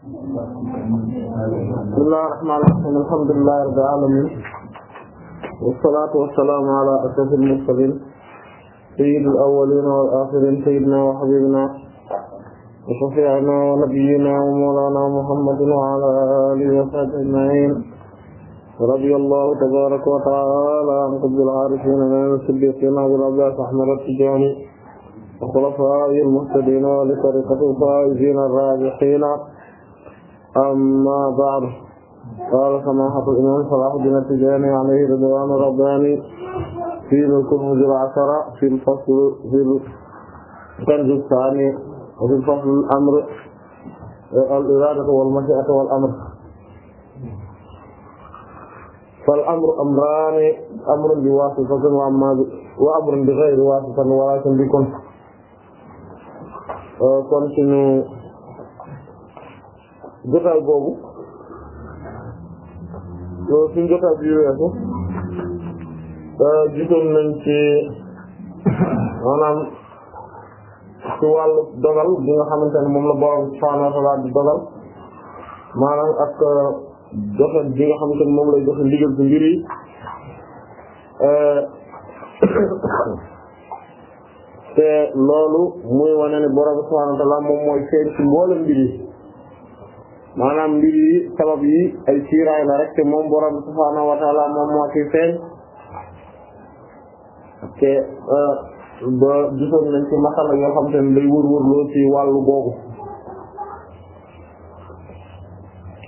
bismillahir rahmanir rahim alhamdulillahi rabbil alamin wassalatu wassalamu ala ashrafil mursalin sayyidil awwalin wal akhirin sayyidina wa habibina wa shafi'ina wa nabiyyina wa mawlana muhammadin wa ala alihi wa sahbihi ajma'in رضي الله تبارك وتعالى عن قطب العارفين من الصديقين أبي العباس أحمد التجاني وخلفائه المهتدين ولطريقة الفائزين الرابحين أما بعد قال سماحة الإمام صلاح الدين التجاني عليه رضوان رباني في ملك الهجر عشرة في الفصل في الكنز الثاني وفي الفصل الأمر الإرادة والمشيئة والأمر فالأمر أمران أمر بواسطة وأما وأمر بغير واسطة ولكن بكم كنت jotaay boobu suñ jotaay bi weesu euh, gisoon nañ ci maanaam ci wàllu dogal bi nga xamante ne moom la borom subhaanahu wa ta'aala dogal maanaam ak joxe euh, bi nga xamante ne moom lay joxe ndigal ci mbir yi euh, te loolu muy wane ne borom subhaanahu wa ta'aala moom mooy feeñ ci mboolem mbir maanaam mbir yi sabab yi ay ciiraay la rek te moom borom subhaanahu wa taala moom moo ci feeñ te euh, ba gisoon nañ ci masala yoo xam te ne day wër-wër loo ci wàllu googu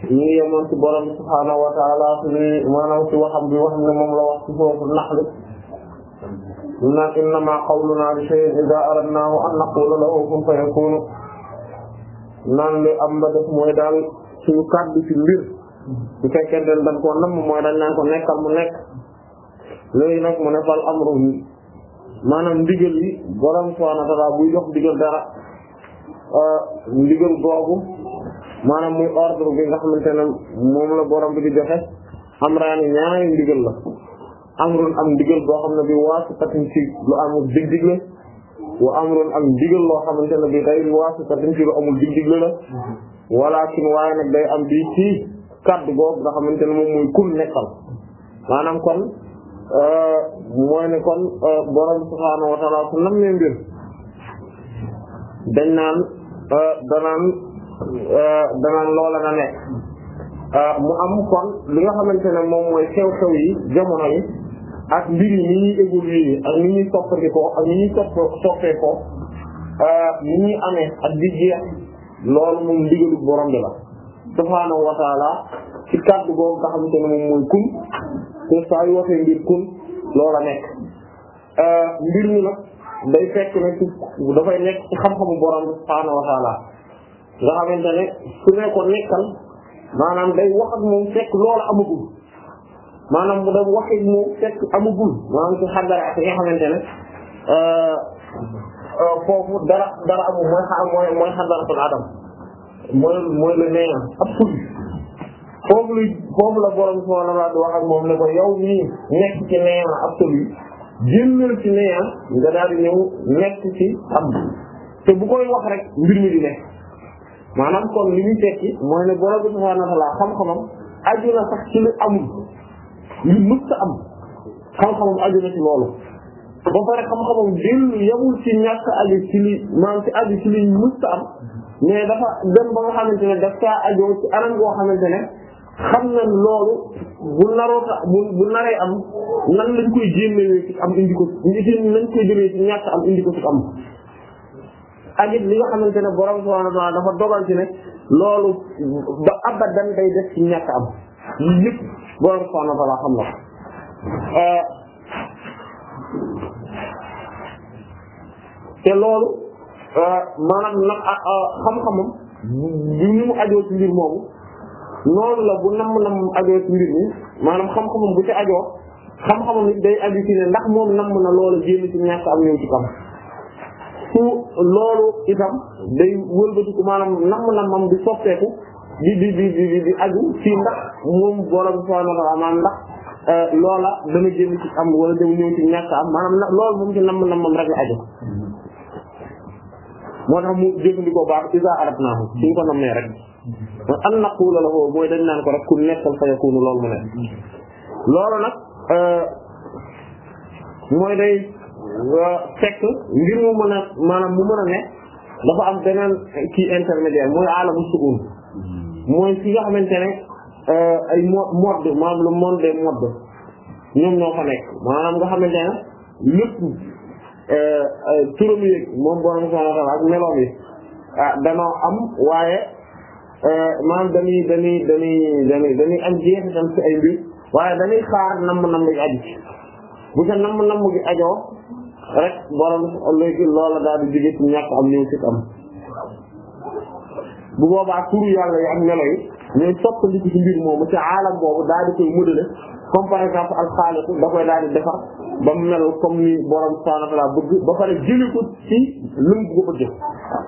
ñu ngi yemoon ci borom subhaanahu wa taala ni maanaam ci waxam bi wax ne moom la wax ci foofu naxli naan innamaa qawlunaa li shay'in idhaa aradnaahu an naquula lahu kun fayakuun naan li am ba def mooy daal suñu kàddu ci mbir bu fekkente ne dañ koo nam mooy dañ naan ko nekkal mu nekk léegi nag mu ne fal amru maanaam ndigal yi borom subhanahu wa ta'ala buy jox ndigal dara euh, ndigal googu maanaam muy ordre bi nga xamante ne moom la borom bi di joxe amraani ñaari ndigal la amrun am ndigal boo xam ne bi waasi tatin ci lu amul dig wa amrun ak ndigal loo xamante ne bi day waasita dañ ci lu amul dig digle la walakin waaye nag day am bi ci kaddu googu nga xamante ne moom mooy kum nekkal maanaam kon euh, mooy ne kon euh, borom subhaanahu wa su nam ne mbir dañ naan euh, danaan danaan loola na nekk mu am kon li nga xamante ne moom mooy xew-xew yi jamono yi ak mbir yi ni ñuy évoluer ak ni ñuy soppandikoo ak ni ñuy sopp soppeekoo euh, ni amee ak di jeex loolu moom ndigalu borom bi la subhaanahu wa taala ci kàddu googu nga xamante ne moom mooy kun te saa yu waxee mbir kun loola nekk euh, mbir mi nag day fekk ne ci dafay nekk ci xam-xamu borom bi subhaanahu wa taala nga su ne ko nekkal maanaam day wax ak fekk loola amagul maanaam mu dem waxi mu fekk amagul maanaam ci xandara ak nga xamante ne euh, euh, foofu dara dara amul mooy xa mooy mooy la foofu la borom subhaanahu wa ta'aala di wax ak moom ne ko yow mii nekk ci néant absolu génnal ci néant nga daal di ñëw nekk ci am te bu wax rek mbir mi di nekk maanaam kon li ñu tekki mooy ne borom subhaanahu wa ta'aala xam-xamam aju na sax ci lu amul. li mës am xam-xamam aju na ci loolu ba pare xam-xamam dellu yemul ci ñàkk aju ci li maanaam ci aju ci li mës am mais dafa dem ba nga xamante ne daf caa ajoo ci anam goo xamante ne xam na loolu bu naroo bu am nan lañ koy génnewee am indi ko nañ koy jëlee ci ñàkk am indi ko ci am ak xamante ne borom subhanahu dafa dogal ci ne loolu ba abadan day def ci ñàkk am yëpp borom subhaanahu wa ta'aala xam na euh, te loolu euh, ah, ah, xam-xamam bi ni ajoo ci mbir moomu noonu la bu namm namm ajoo ci mbir mi maanaam xam-xamam bu ci ajoo xam-xamam it day aju ci ne ndax moom namm na loolu jéem ci ñàkk am ñëw ci kam su loolu itam day wëlbatiku maanaam namm nammam di soppeeku di di di di di aju ci ndax moom borom subhaanahu wa ta'aala ndax euh, loola dana génn ci am wala dama ñëw ci ñàkk am maanaam ndax loolu moom ci namm nammam rek la aju ko mooy ko rek ku nag euh, day euh, fekk ngir mu mën a maanaam mu mën a ne dafa am beneen kii intermédiaire mooy aalamu su'un mooy fi nga xamante ne euh, ay mode maanaam le monde des modes ñoom ñoo fa nekk maanaam nga xamante ne lépp euh, euh, turam yéeg moom borom subhaanahu wa ta'aala ak meloom yi ah danoo am waaye maanaam dañuy dañuy dañuy dañuy dañuy am jeexitam ci ay mbir waaye dañuy xaar namm-namm gi aju ci bu ca namm-namm gi ajoo rek borom léegi loola daal di jóge ci ñàkk am ñëw ci bu boobaa turu yàlla yi ak melo yi ñooy soppandiku ci mbir moomu ci aalam boobu daal di koy modeler comme par exemple alxaaliq da koy daal di defar ba mu mel comme ni borom subhaanahu wa ta'aala bëgg ba pare jëli ko ci lu mu ko bëgg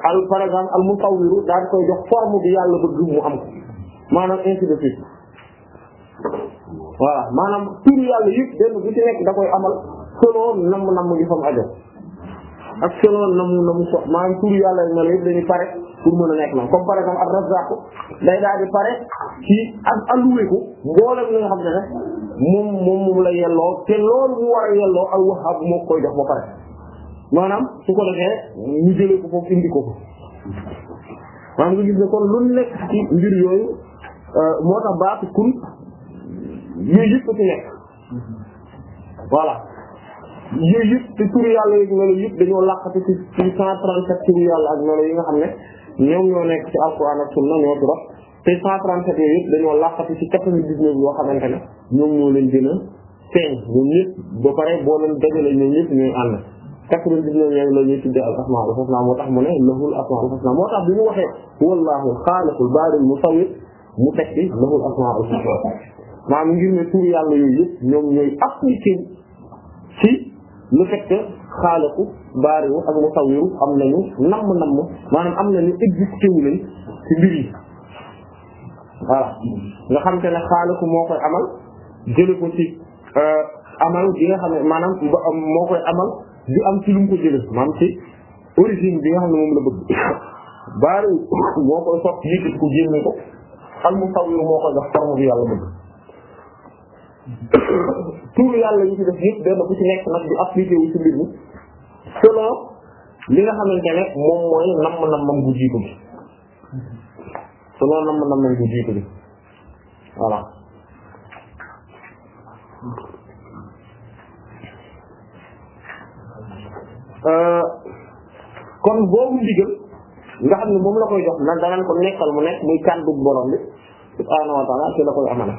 al par exemple al musawwiru daal di koy jox forme bi yàlla bëgg mu am ko maanaam ainsi de suite voilà maanaam turu yàlla yëpp benn bu ci nekk da koy amal selon namm namm gi fa mu ajo ak selon namm namm so maanaam turu yàlla yi mel yëpp dañuy pour mën a nekk noonu comme par exemple ak Razzaq day daal di pare ci ak alloué ko mboolem li nga xam ne rek moom moom la yelloo te loolu mu war a yelloo al Wahhab moo koy jox ba pare maanaam su ko defee ñu jëlee ko foofu indi ko maanaam nga gis ne kon lu nekk ci mbir yooyu euh, moo tax baatu kun yooyu yëpp ci nekk voilà yooyu yëpp te turu yàlla yi melo dañoo làqati ci ci cent trente sept turu yàlla ak melo yi nga xam ne ñoom ñoo nekk ci alquran ak sunna ñoo ci dox te 137 yooyu yëpp dañoo laqati ci 99 yoo xamante ne ñoom ñoo leen gën a feeñ ñoom ñëpp ba pare boo leen dajale ñoom ñëpp ñooy ànd 99 yooyu la ñuy tuddee al asmaul husna moo tax mu ne lahul asmaul husna moo tax bi mu waxee wallahu xaaliqul baaril musawwir mu teg ci lahul asmaul husna maanaam ngir ne tur yàlla yooyu yëpp ñoom ñooy appliqué ci lu fekk xaaliqu baariwu ak musawwiru am nañu namm namm maanaam am nañu exécuté wu nañ ci mbir yi voilà nga xam te ne moo koy amal jële ko ci euh, amal bi nga xam ne maanaam moo koy amal di am ci lu mu ko jële maanaam ci origine bi nga xam ne moom la bëgg baariwu moo koy sotti yëkkati ko génne ko al musawwiru moo koy jox forme yàlla bëgg tuur yàlla yi ci def yëpp benn bu ci nekk nag di appliqué wu ci mbir mi selon li nga xamante ne moom mooy namm-nammam gu jiitu bi selon namm-nammam gu jiitu bi voilà euh, kon boobu ndigal nga xam ne moom la koy jox nan danaan ko nekkal mu nekk muy kàddu borom bi subhaanahu wa ta'ala ci la koy amana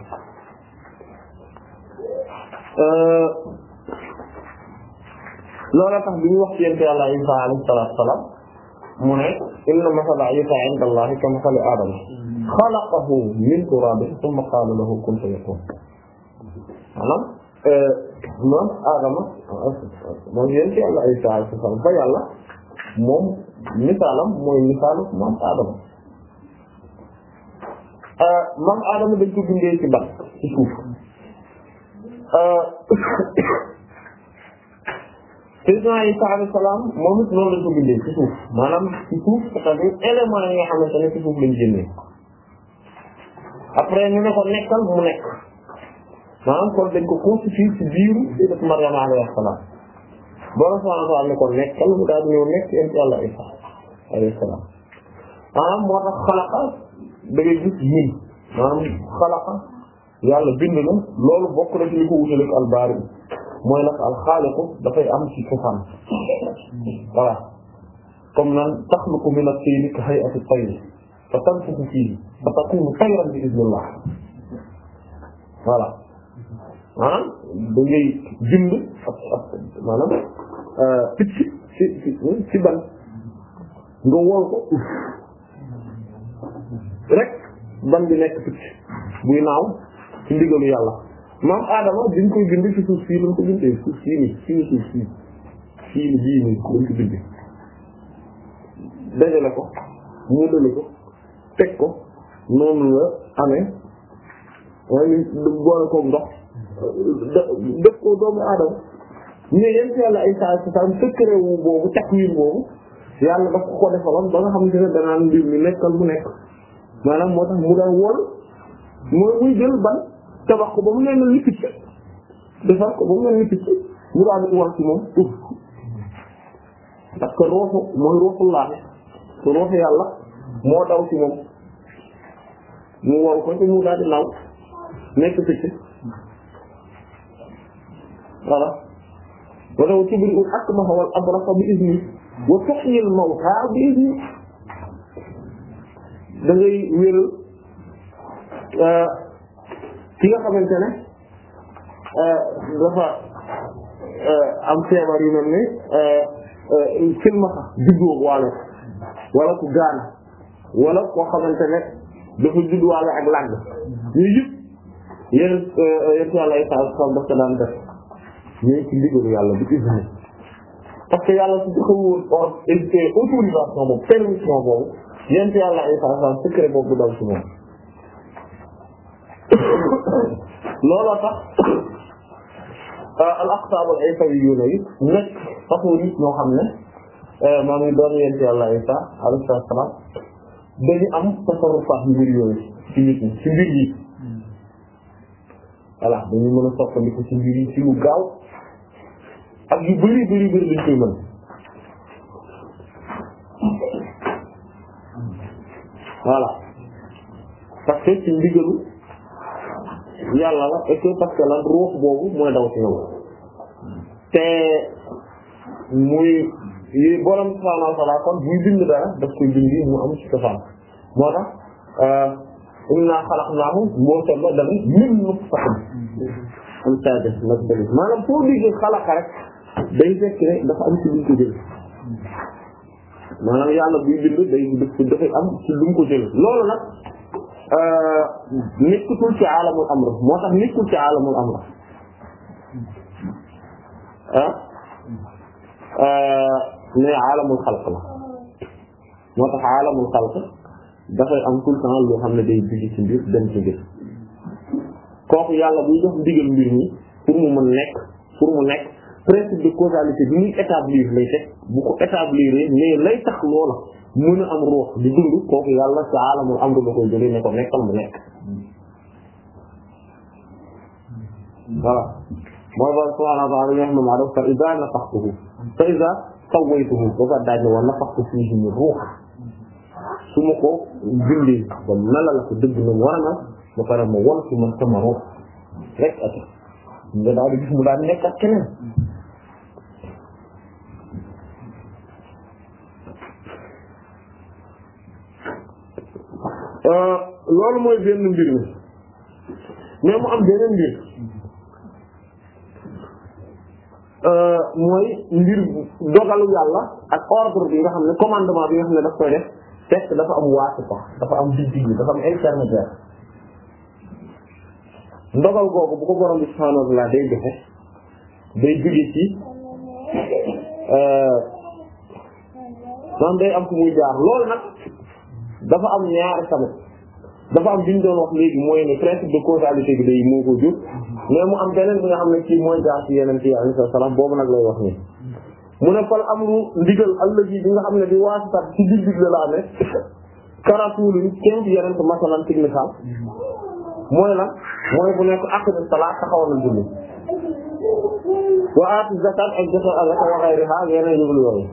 Euh, loola tax bi ñu wax ci yent yàlla Isa alayhi salaatu wa salaam mu ne inna masala Isa inda Allahi ka masali Aadama xalaqahu min turaabin summa qaala lahu kun fayakun maanaam euh, moom Aadama moom yent yàlla Isa alayhi salaam ba yàlla moom misaalam mooy misaalu moom Aadama euh, moom Aadama dañ ko bindee ci ban ci suuf Euh, président Isa alayhi salaam moom it noonu lañ ko bindee ci suuf maanaam ci suuf c'est-à-dire élément yi nga xamante ne ci suuf lañ génnee après ñu ne ko nekkal mu nekk maanaam kon dañ ko constitué ci biiru Sayyidat Maryam alayhi salaam borom subhaanahu wa ta'aala ne ko nekkal mu daal di ñëw nekk yéen ci Isa alayhi salaam maanaam moo tax xalaqa da ngay gis yéen maanaam xalaqa yàlla bind na loolu bokk na ci li ko wutaleeg albaari mooy nag alxaaliqu dafay am ci cosaan voilà comme naan taxluqu min at-tayri ka hay'ati at-tayri fa tanfukhu fiihi fa takunu tayran bi idnillah voilà ah da ngay bind ak ak maanaam euh, picc ci ci ci ban nga wol ko rek ban bi nekk picc buy naaw. ci ndigalu yàlla maam Adama biñ koy bind ci suuf sii lañ ko bindee suuf sii nii sii ko bindee dajale ko teg ko noonu la amee waaye ñu boole koog ndox def doomu Adama mais ne si yàlla ay saa si saa secret wu boobu takwin boobu yàlla daf ko ko defaloon ba nga xam ne danaan mbir mi nekkal mu nekk maanaam moo tax mu daan wol mooy muy jël ban. tabax ko ba mu mel ni picc defar ko ba mu mel ni picc ñu daal di war ci moom uf parce que rooxu mooy rooxu laa yàlla moo daw ci moom mu waru ko te mu daal di naaw nekk picc voilà wala wa tubri'u al-akmaha wal-abrasa bi izni wa tuhyi al-mawta bi izni da ngay wéral euh, ki nga xamante ne euh, dafa euh, am feebar yu mel ni euh, silmaxa juddoo waalo wala ku gaana wala koo xamante ne dafa judd waalo ak làng yooyu yëpp yéen yéen yàlla ay saa sax dafa daan def ñooy ci ndigalu yàlla bu izni parce que yàlla su joxewul autorisation boobu permission boobu yéen yàlla ay saa sax secret boobu dal ci moom. looloo tax ah, al aqtaab al isawiyuuna yi nekk façon nit ñoo xam ne eh, maam yi doon yent yàlla Isaa alayhi salaam dañu am tasarrufaat mbir yooyu ci nit ñi ci mbir yi voilà dañu mën a soppandiku ci mbir yi ci lu gaaw ak yu bari bari bari lañ koy mën voilà parce que yàlla la et que parce que lan ruux boobu mooy daw ci yow te muy borom subhaanahu wa ta'aala kon buy bind dara daf koy bind mu am ci moo tax euh, inna xalaqnaahum moo tollo dafa min nutfatin maanaam foo déggee xalaqa rek day fekk rek dafa am ci lu ko jël maanaam yàlla buy bind day dafay am ci lu ko jël loolu nag Euh, nekkatul ci am amr moo tax nekkul ci alamul amr ah mais euh, alamul xalq la moo tax alamul xalq dafay am tout le loo xam ne day digg ci mbir dem ci mbir kooku yàlla buy jox digal mbir mi pour mu mën nekk pour mu nekk principe de causalité bi muy établir lay teg bu ko établir mais lay tax loola mën a am ruux di dund kooku yàlla ci alamul amru la koy jëlee ne ko nekkal mu nekk voilà mooy ba subhaanahu wa ta'aala ñuy wax ne maa def fa iza nafaxtuhu fa iza sawaytuhu ba pare daal ne wa nafaxtu fiihi min ruuhi su ma ko bindee ba melal ko dëgg na mu war a mel ba pare ma won ci man sama ruux rek at nga daal di gis mu daal nekk ak keneen. Euh, loolu mooy benn mbir mi mais mu am beneen mbir euh, mooy mbir dogalu yàlla ak ordre bi nga xam ne commandement bi nga xam ne daf koy def fekk dafa am waasita dafa am digg dafa am intermédiaire ndogal googu bu ko borom bi subhaanahu wa day joxe day jóge ci euh, maanaam day am fu muy jaar loolu nag dafa am ñaar tamit dafa am bi ñu doon wax léegi mooy ne principe de causalité bi day moo ko jur mais mu am beneen bi nga xam ne ci mooy jaar ci yeneen ci alayhi salaam boobu nag lay wax nii mu ne fal amru ndigal allaji bi nga xam ne di waasitat ci biir digle la amee karatuulin kenn bi yeneen masalan technical mooy lan mooy bu nekk aqimi salaat taxawal na julli wa aati ak joxe azaka wa ghayriha yeneen yëglu yooyu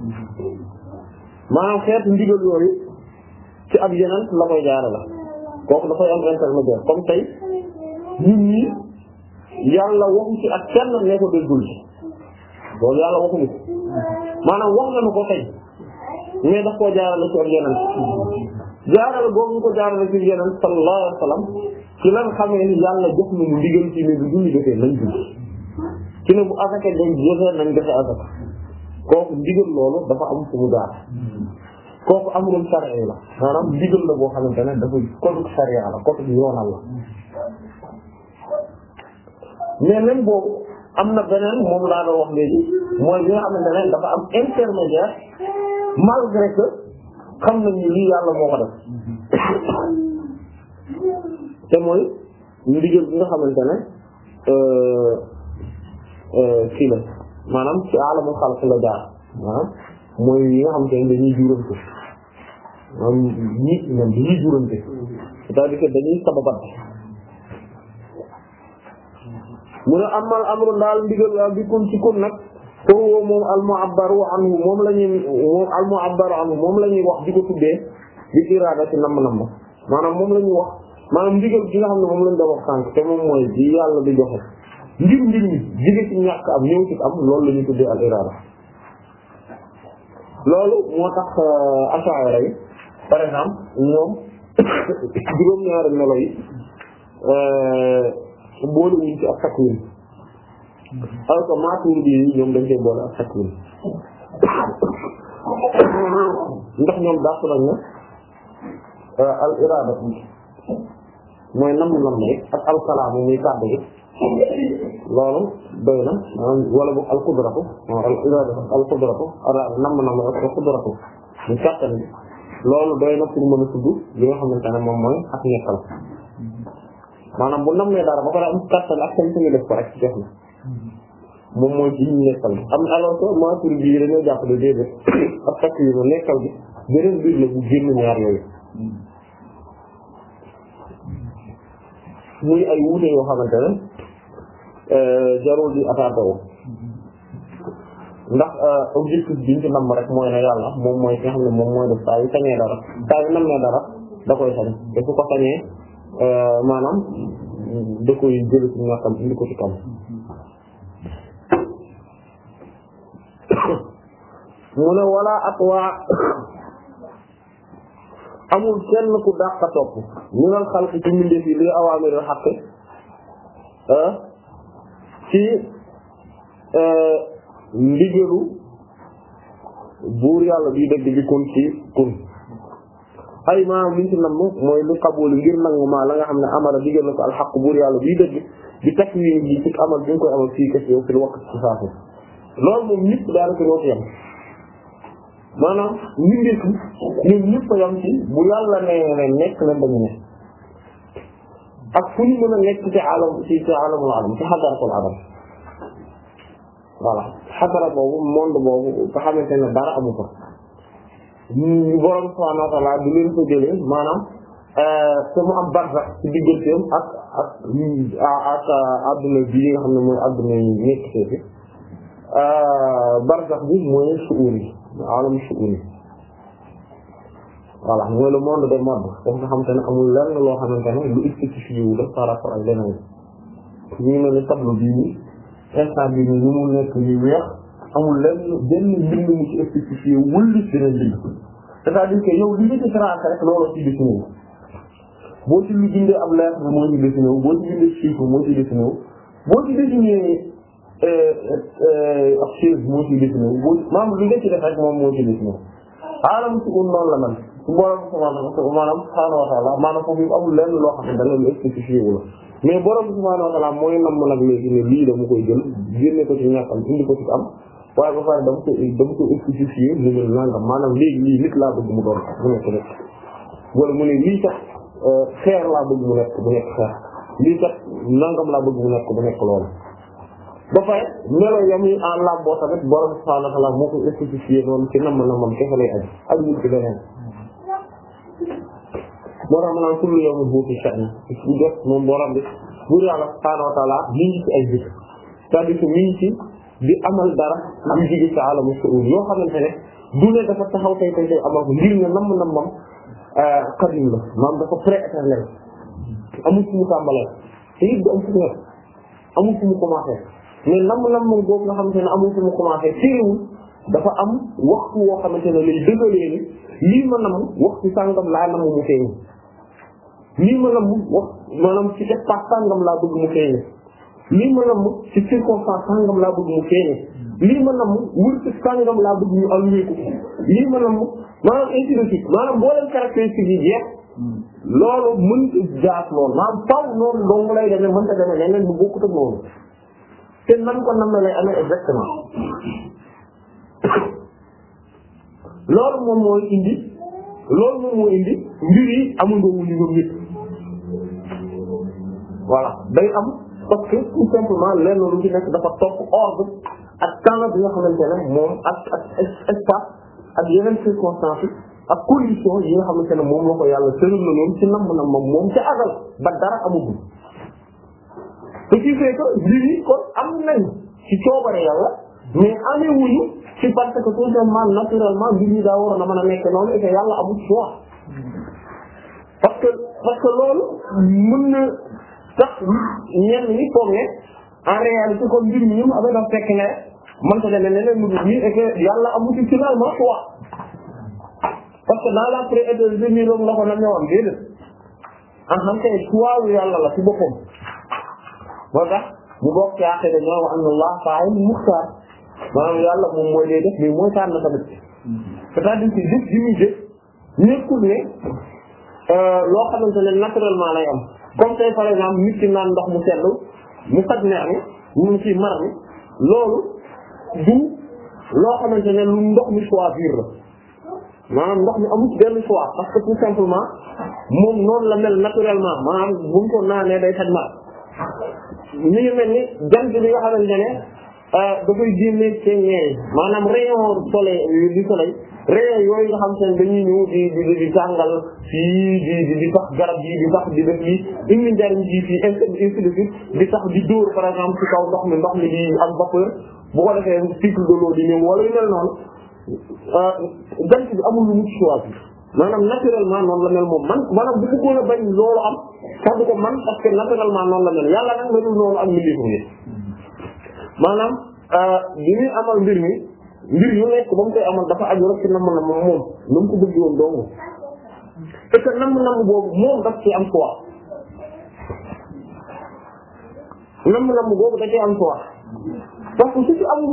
maanaam xeetu ndigal yooyu ci ab yeneen la koy jaare la kooku dafay am intermédiaire comme tey nit ñi yàlla waxu ci ak ko dee julli loolu maanaam wax nañu ko tey mais daf koo jaarale ci ab yeneen jaarale ko jaarale ci yeneen sallallahu alayhi wa sallam ci lan xamee bu julli defee nañ julli ci ne bu kooku ndigal am fu mu jaar kooku amrul shar'i la maanaam ndigal la boo xamante ne dafa kodug sariya la kodug yoonal la mais même boobu am na beneen moom laa doon wax léegi mooy bi nga xamante ne dafa am intermédiaire malgré que xam nañu lii yàlla moo ko def te mooy ndigal bi nga xamante ne fii euh, euh, la maanaam ci alamul xalq la jaar maanaam mooy yi nga xam te ne dañuy jurante maanaam nit ñoom dañuy jurante c'est-à-dire que dañuy sababante mu ne amal amru daal ndigal la bi ci kun nag foofu moom al mu'abbaru anhu moom la ñuy moom al moom la ñuy wax di ko tuddee di iraada ci namb namb maanaam moom la ñuy wax maanaam ndigal gi nga xam ne moom lañ doon wax sànq te moom mooy di yàlla di joxe ngir mbir mi jóge ci ñàkk am ñëw ci am loolu la ñuy tuddee al iraada loolu moo tax euh, asaara yi par exemple moom juróom-ñaari melo yi euh, boole wuñ ci ak takwin alors que maturidi ñoom dañ koy boole ak takwin ndax ñoom dàq nañ ne euh, al irada mooy nam nam rek ak al kalaamu muy kàddu gi loolu doy na wala bu al qudratu al irada al ala nam nam al qudratu ñu kàttan loolu doy na pour mën a tudd li nga xamante ne moom mooy ak ñettal maanaam bu nammee dara ba pare am kàttan ak seen suñu def ko rek jox na moom mooy ci ñu nekkal am alors que matur bii dañoo ne déedéet ak takk bi beneen biir la bu génn ñaar yooyu muy ay wuute yoo xamante ne Euh, jarul di attardé ndax euh, objectif bi ñu ci nam rek mooy ne yàlla moom mooy ki nga xam moom mooy def saa sañee dara saa yu dara da koy sañ sañee euh, maanaam da koy jël ci ñàkkam indi ko ci mu ne wala at amul kenn ku dàq a topp ñu nal xalq ci mbindeef yi li awaamir xaq ci euh, ndigalu buur yàlla bi dëgg bi kun ci kun ay maam liñ ci mooy li xabooli ngir nangu maa la nga xam ne amara digal na ko alxaq buur yàlla bi dëgg bi takk yi bi ci amal bi nga koy amal fii kese yow fi wax ci saafu loolu moom ñëpp daanaka ñoo ci yem maanaam ñun ñëpp ñun ñëpp a yem ci bu yàlla ne nekk na dañu ne ak fu ñu mën a nekk ci alam ci ci alamul alam ci xadaratul alam voilà xadara boobu monde boobu nga xamante ne dara amu fa ñu borom subhaanahu wa ta'aala du leen ko maanaam euh, te mu am barsax ci digganteem ak ak ak adduna bii nga xam ne mooy adduna yi nekk foofu euh, barsax bi mooy suur yi alam suur voilà mooy le la des modes foofu nga xamante ne amul lenn loo xamante ne lu spécifié wu def par rapport ak leneen ñu mel ni tableau bii nii instant bii mu nekk nii weex amul lenn benn mbind mu ci spécifié wul li dina bind c'est-à-dire que yow li ñu ci tracé rek loolu ci dessiné wu boo lu bindee moo ci dessiné wu boo moo ci dessiné wu euh, euh, moom moo ci si un noonu la man borom subhaanahu maanaam subhaanahu wa ta'aala maanaam foofu yëpp amul lenn loo xam ne da nga lu wu la mais borom subhaanahu wa ta'aala koy jël génne ko ci ko ci am ba pare dama ko ko spécifié mu mel nangam maanaam léegi lii nit laa bëgg mu doon mu nekk nekk wala ne lii tax euh, xeer laa bëgg mu nekk mu nekk xeer lii tax nangam laa bëgg mu moo koy spécifié noonu ci nam namam kese lay aju ajul ci leneen moo tax ma naan kullu yawmin huwa fi sha'n bu jot moom borom bi buur yàlla subhaanahu wa ta'aala mi ngi ci ay zikr c'est-à-dire que mi ngi ci di amal dara am jigi ci alamu su'ud yoo xamante ne du dafa taxaw tey tey tey amal ko ngir ne nam nammam euh, qadim la maanaam dafa prééternel amul fu mu tàmbalee te it du am fu mu amul fu mu commencé nam nam boobu nga xamante ne amul fu mu commencé dafa am waxtu woo xamante ne lay dëgalee ni lii ma nam waxtu sàngam laa nam mu feeñ lii ma nam wax maanaam ci espace sàngam laa bëgg mu feeñ lii ma nam ci circonstance sàngam laa bëgg mu feeñ lii laa bëgg ñu alloué ko lii ma nam maanaam ainsi de suite maanaam boo leen caractéristique yi jeex loolu mënta jaas loolu maanaam taw noonu dong lay demee mënta demee leneen bu bokkut ak te nan ko nam na lay amee exactement loolu moom mooy indi loolu moom mooy indi mbir yi amul doomu li ñoom ñëpp voilà day am parce que tout simplement lenn lu ci nekk dafa topp ordre ak temps bi nga xamante ne moom ak ak espace ak yeneen circonstances ak condition yi nga xamante ne moom la ko yàlla sëral na noonu ci nam na moom moom ca agal ba dara amagul ce qui fait que mbir yi kon am nañ ci coobare yàlla mais amee wuñu ci parce que tout simplement naturellement bi ñu daa waroon a mën a nekk noonu et que yàlla amul choix parce que parce que loolu mën na tax ñenn ñi foog ne en réalité comme mbir mi ñoom ne man ko demee leneen lu dul et que yàlla amul ci finalement choix parce que la prévision bi loolu la ko na ñëwoon déedéet en tant que choix wu yàlla la ci boppam moo tax mu bokk ci àq wa anna Allah fa'il mukhtar maanaam yàlla moom mooy lay def mais mooy tànn tamit c'est-à-dire que jëf ji muy jëf nekkul euh, loo xamante ne naturellement lay am comme tey par exemple nit ki naan ndox mu sedd mu faj neex mi mu ci mar mi loolu du loo xamante ne lu ndox mi choisir la maanaam ndox mi amul benn choix parce que tout simplement moom noonu la mel naturellement maanaam bu ñu ko naanee day faj mar mi mel ni jant bi nga xamante ne Euh, da koy génne ci ñeeñ maanaam rayon soleil du soleil rayon yooyu nga xam seen dañuy ñëw di di di tàngal fii di di di tax garab yi di tax di def lii indi njariñ fii ainsi de suite di tax di par exemple ci kaw ndox mi ndox mi di am vapeur bu ko defee cycle de l'eau di ñëw wala yu mel noonu euh, jant bi amul lu mu choisir maanaam naturellement noonu la mel moom man maanaam bu bëggoon a bañ loolu am sax du ko man parce que noonu la mel yàlla nag melul noonu ak mbindeefam yi maanaam li euh, ñuy amal mbir mi mbir yu nekk ba mu koy amal dafa aju rek ci namm namm moom na mu ko que namm namm boobu moom daf ci am choix namm namm boobu da ci am choix parce que su ci amul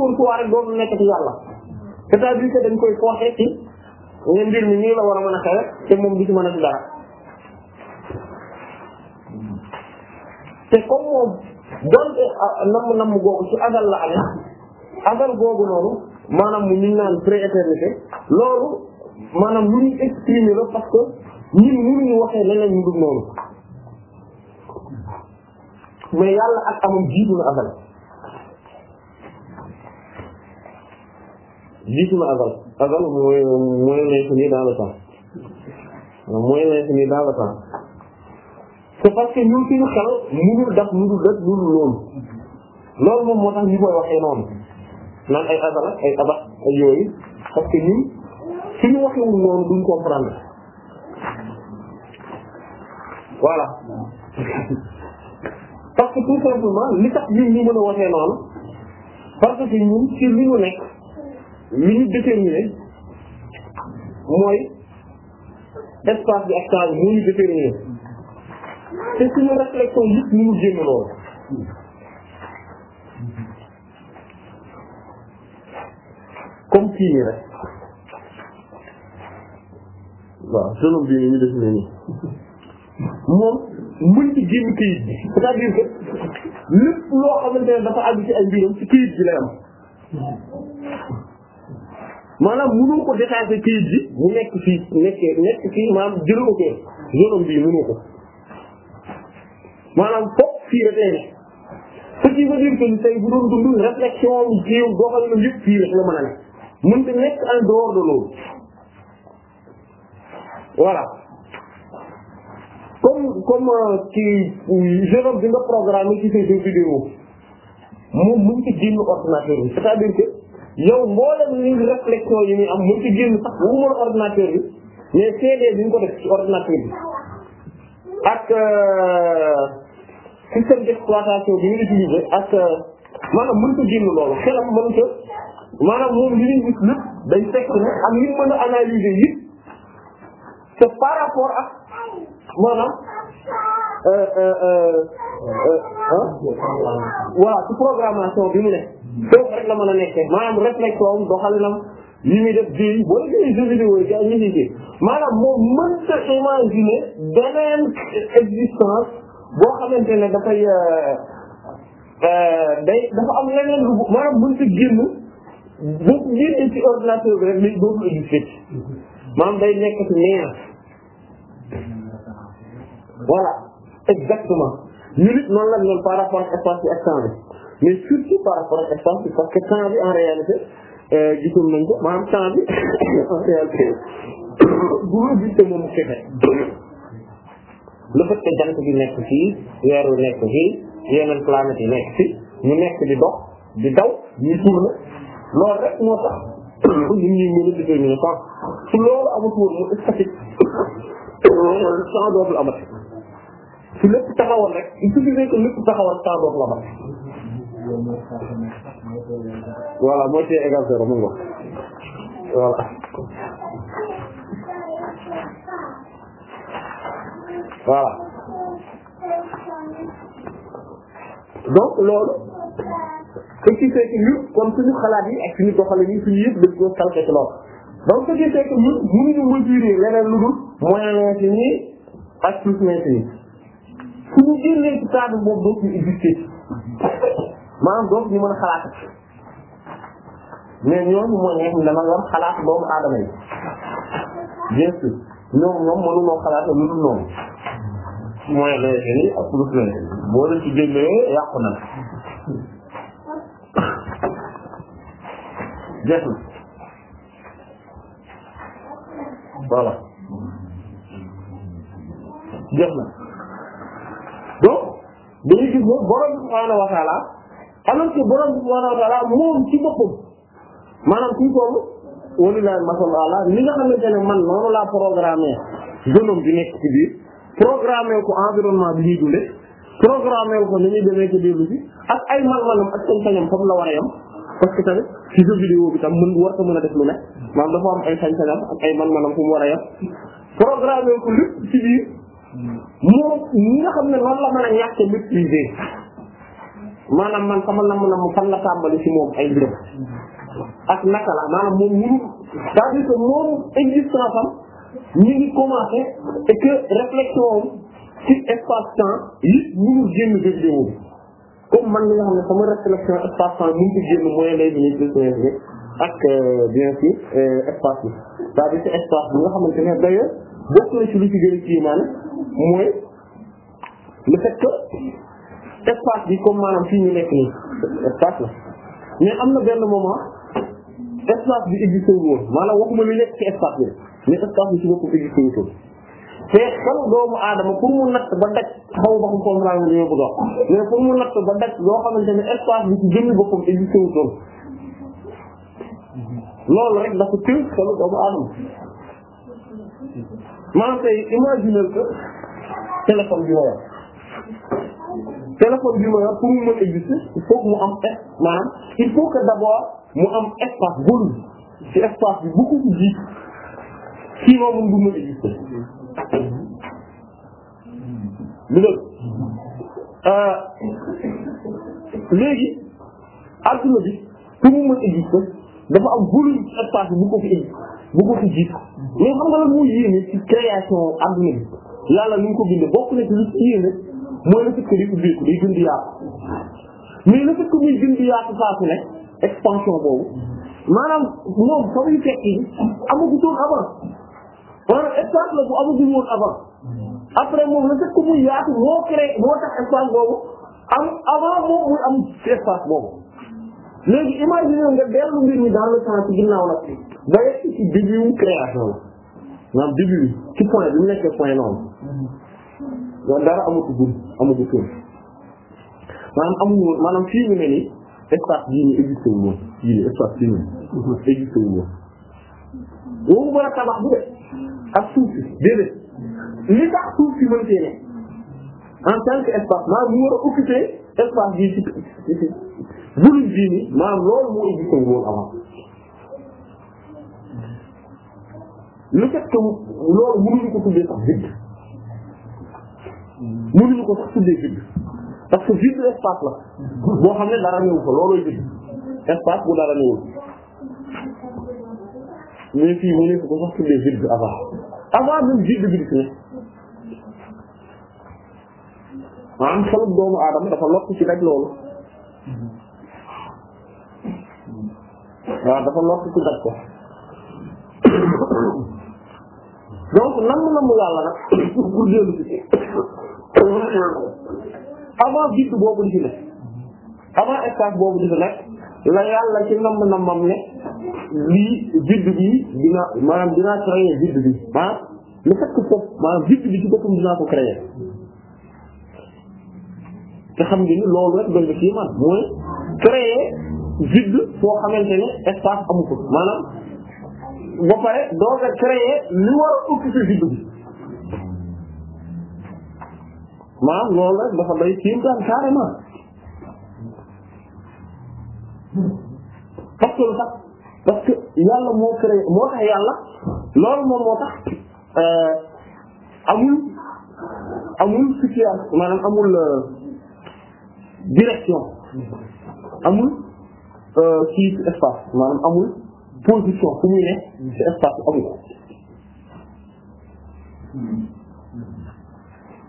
dañ koy forcer mbir mi nii la war a mën a xewee te moom du ci mën a ci dara te comme moom donte ah, namm namm googu ci azal la amee azal googu noonu maanaam mu ñu naan pré-éternité loolu maanaam lu ñu exprimer la parce que ñun mënuñu waxee leneen ñu noonu mais yàlla ak amam jiitu na azal jiitu na azal azal mooy mooy nekk nii dans le temps mooy nekk nii dans le temps c'est parce que ñun suñu xel mënul def mënul def mënul loolu loolu moom moo tax ñu koy waxee noonu naan ay adala ay aba ay yooyu parce que ñun suñu waxewul noonu duñ comprendre voilà parce que tout simplement li tax ñun ñu mën a waxee noonu parce que ñun ci li ñu nekk li ñu déterminé mooy espace bi ak temps bi ñu déterminé te suñu réflexion yëpp ñu ngi génn loolu comme kii rek waaw selon bi ñu def moom mën ci kayit bi cest dire que lépp loo xamante dafa àgg ci ay mbiram ci kayit bi lay am maanaam mënoo ko détaché kayit bi mu nekk fii nekk fii maanaam jëloo ko zone bii mënoo ko. maanaam foog fii rek lay ne ce qui veut dire que ni tey bu doon dund réflexion jiw doxalinam yëpp fii rek la mën a ne mën di nekk en dehors de loolu voilà comme comme euh, ci génome bi programme ci say deux vidéos moom mën ci génn ordinateur bi c'est-à-dire que yow mboolem ni réflexion yi muy am mën ci génn sax bu bi ko def ci ordinateur système d'exploitation bi ñu utilisé ak euh, maanaam mënut a génn loolu xelam mënut a maanaam moom li ñuy gis lépp day fekk ne ak li a analyser yi c'est par rapport ak maanaam euh, euh, voilà ci programmation bi mu ne foofu rek la mën a nekkee maanaam réflexion am doxalinam yi muy def bii boo déggee jeu vidéo yi ak ñi ci maanaam moom mënta imaginer beneen existence boo xamante ne dafay euh, euh, day dafa am leneen lu maanaam buñ ci génn boo génnee ci ordinateur bi rek doo ko gis maanaam day nekk ci neex voilà exactement ñu noonu la ñu par rapport espace bi ak temps bi mais surtout par rapport espace bi parce que temps bi en réalité euh, gisoon nañ ko maanaam temps bi bu ma gisee moom mu fexe. le fait que jant bi nekk fii weer nekk fii yeneen planètes yi nekk fii ñu nekk di dox di daw ñuy tourner loolu rek moo tax ñun ñuy mën a déterminer sens su loolu amut woon mu statique sens dootul su lépp taxawoon rek il suffisait que lépp taxawoon mooy téye égal zéro mu ngox voilà donc loolu ce qui fait que ñun comme suñu xalaat yi ak suñu doxalin yi suñu yëpp dañ koo salfé ci loolu donc ce qui fait que ñun mënuñu mesurer leneen lu dul moyen ci nii ak plus mince yi suñu génnee ci cadre boobu dootuñu exister maanaam donc ñu mën a xalaat mais ñoom moo nekk ñu dama war xalaat doomu aadama yi bien sûr ñoom ñoom mënuñoo xalaat lu dul noonu mooy léegi la boo leen na jeex na voilà jeex na donc dañuy gis ne borom bi subhaanahu wa taala alors que borom bi subhaanahu wa taala moom ci boppam maanaam kuy man noonu laa programmé gënoom di nekk ci programmeel ko environnement bi ñuy dundee programmeel ko ni ñuy demee ci dellu bi ak ay man-manam ak sañ-sañam foofu la war a yem parce que tamit ci jeu vidéo bi tam mën war ko mën a def lu ne maanaam dafa am ay sañ ak ay man-manam a yem programmeel ko xam ne noonu la man sama namm-namm fan la tàmbali ci moom ay mbiram ak naka la maanaam moom mënu c'est-à-dire moom existence am ñu ngi commencé et que réflexion am ci espace temps yi mënul génn jeu vidéo bi comme man li nga xam ne sama réflexion espace temps mënul ci génn moyen lay bi ni ak euh, bien sûr euh, espace bi c'est-à-dire que espace bi nga xamante ne d'ailleurs bokk na ci lu ci gën a ci maanaam mooy le fait que espace bi comme maanaam fii ñu nekk nii espace la mais am na benn moment espace bi existé woon maanaam waxuma lu nekk ci espace bi mais espace bi ci boppam existé wutul te kan doomu aadama pour mu natt ba daj xaw ma xam comme rajo yooyu bu dox mais pour mu natt ba daj loo xamante ne espace bi ci jëmmi boppam existé wutul loolu rek dafa tënk xelu doomu aadama maanaam tey imaginer que téléphone bi ma yor bi ma pour mu mën exister il faut mu am espace maanaam il faut que d'abord mu am espace volume ci espace bi beaucoup ci jiitu. sinon moom du mën a existé lu euh, bi pour mu mën a existé dafa am volume espace bu fi bu ko fi jiitu mais xam nga lan moo yéene ci création adduna bi yàlla ni mu ko bindee bokk na ci lu ci yéene mooy le fait que day ubbeeku day gën di yaatu mais le fait que muy gën di yaatu saa su nekk expansion boobu maanaam moom fa muy fekk amagutoon avant maanaam espace la bu amagul woon avant après moom la fekk muy yaatu moo créé moo tax espace boobu am avant moom muy am ci espace boobu léegi imaginer nga dellu mbir mi dans le temps ci ginnaaw nag ba yegg ci début création la maanaam début ci point bi mu nekkee point noonu loolu dara amatugun amatugun maanaam amuñu woon maanaam fii ñu ne nii espace bii ñu existé wu woon fii nii espace bii ñu existé wu woon boobu mën a tabax bu dee ak suuf si déedéet li tax suuf si mën cee ne en tant que espace maanaam mu war a occuper espace bii ci buruñ bii nii maanaam loolu moo existé wu loolu avant le fait que loolu mënuñu ko tuddee sax vide mënuñu ko sax tuddee vide parce que vide espace la boo xam ne dara newu fa loolooy vide espace bu dara newul mais fii mu ne ko sax tuddee vide avant avant même vie de glissé maanaam xelum doomu aadama dafa lott ci daj loolu waaw dafa lott ci daj ko donc nam na mu yàlla nag pour dellu ci avant vide boobu di fi ne di fi nekk la yàlla ci nam namam lii vide bi dina maanaam dinaa créer vide bi ah le fait que foofu maanaam vide bi ci créer te xam nga ni loolu rek doy na kii mooy créer vide foo xamante ne espace amu ko maanaam ba pare doo nga créer li war a occuper vide bi maanaam loolu rek dafa doy kii daan carrément parce que sax parce que yàlla moo créé moo tax yàlla loolu moom moo tax euh, amul amul situation maanaam amul euh, direction amul euh, kii ci espace maanaam amul position fu muy ne ci amul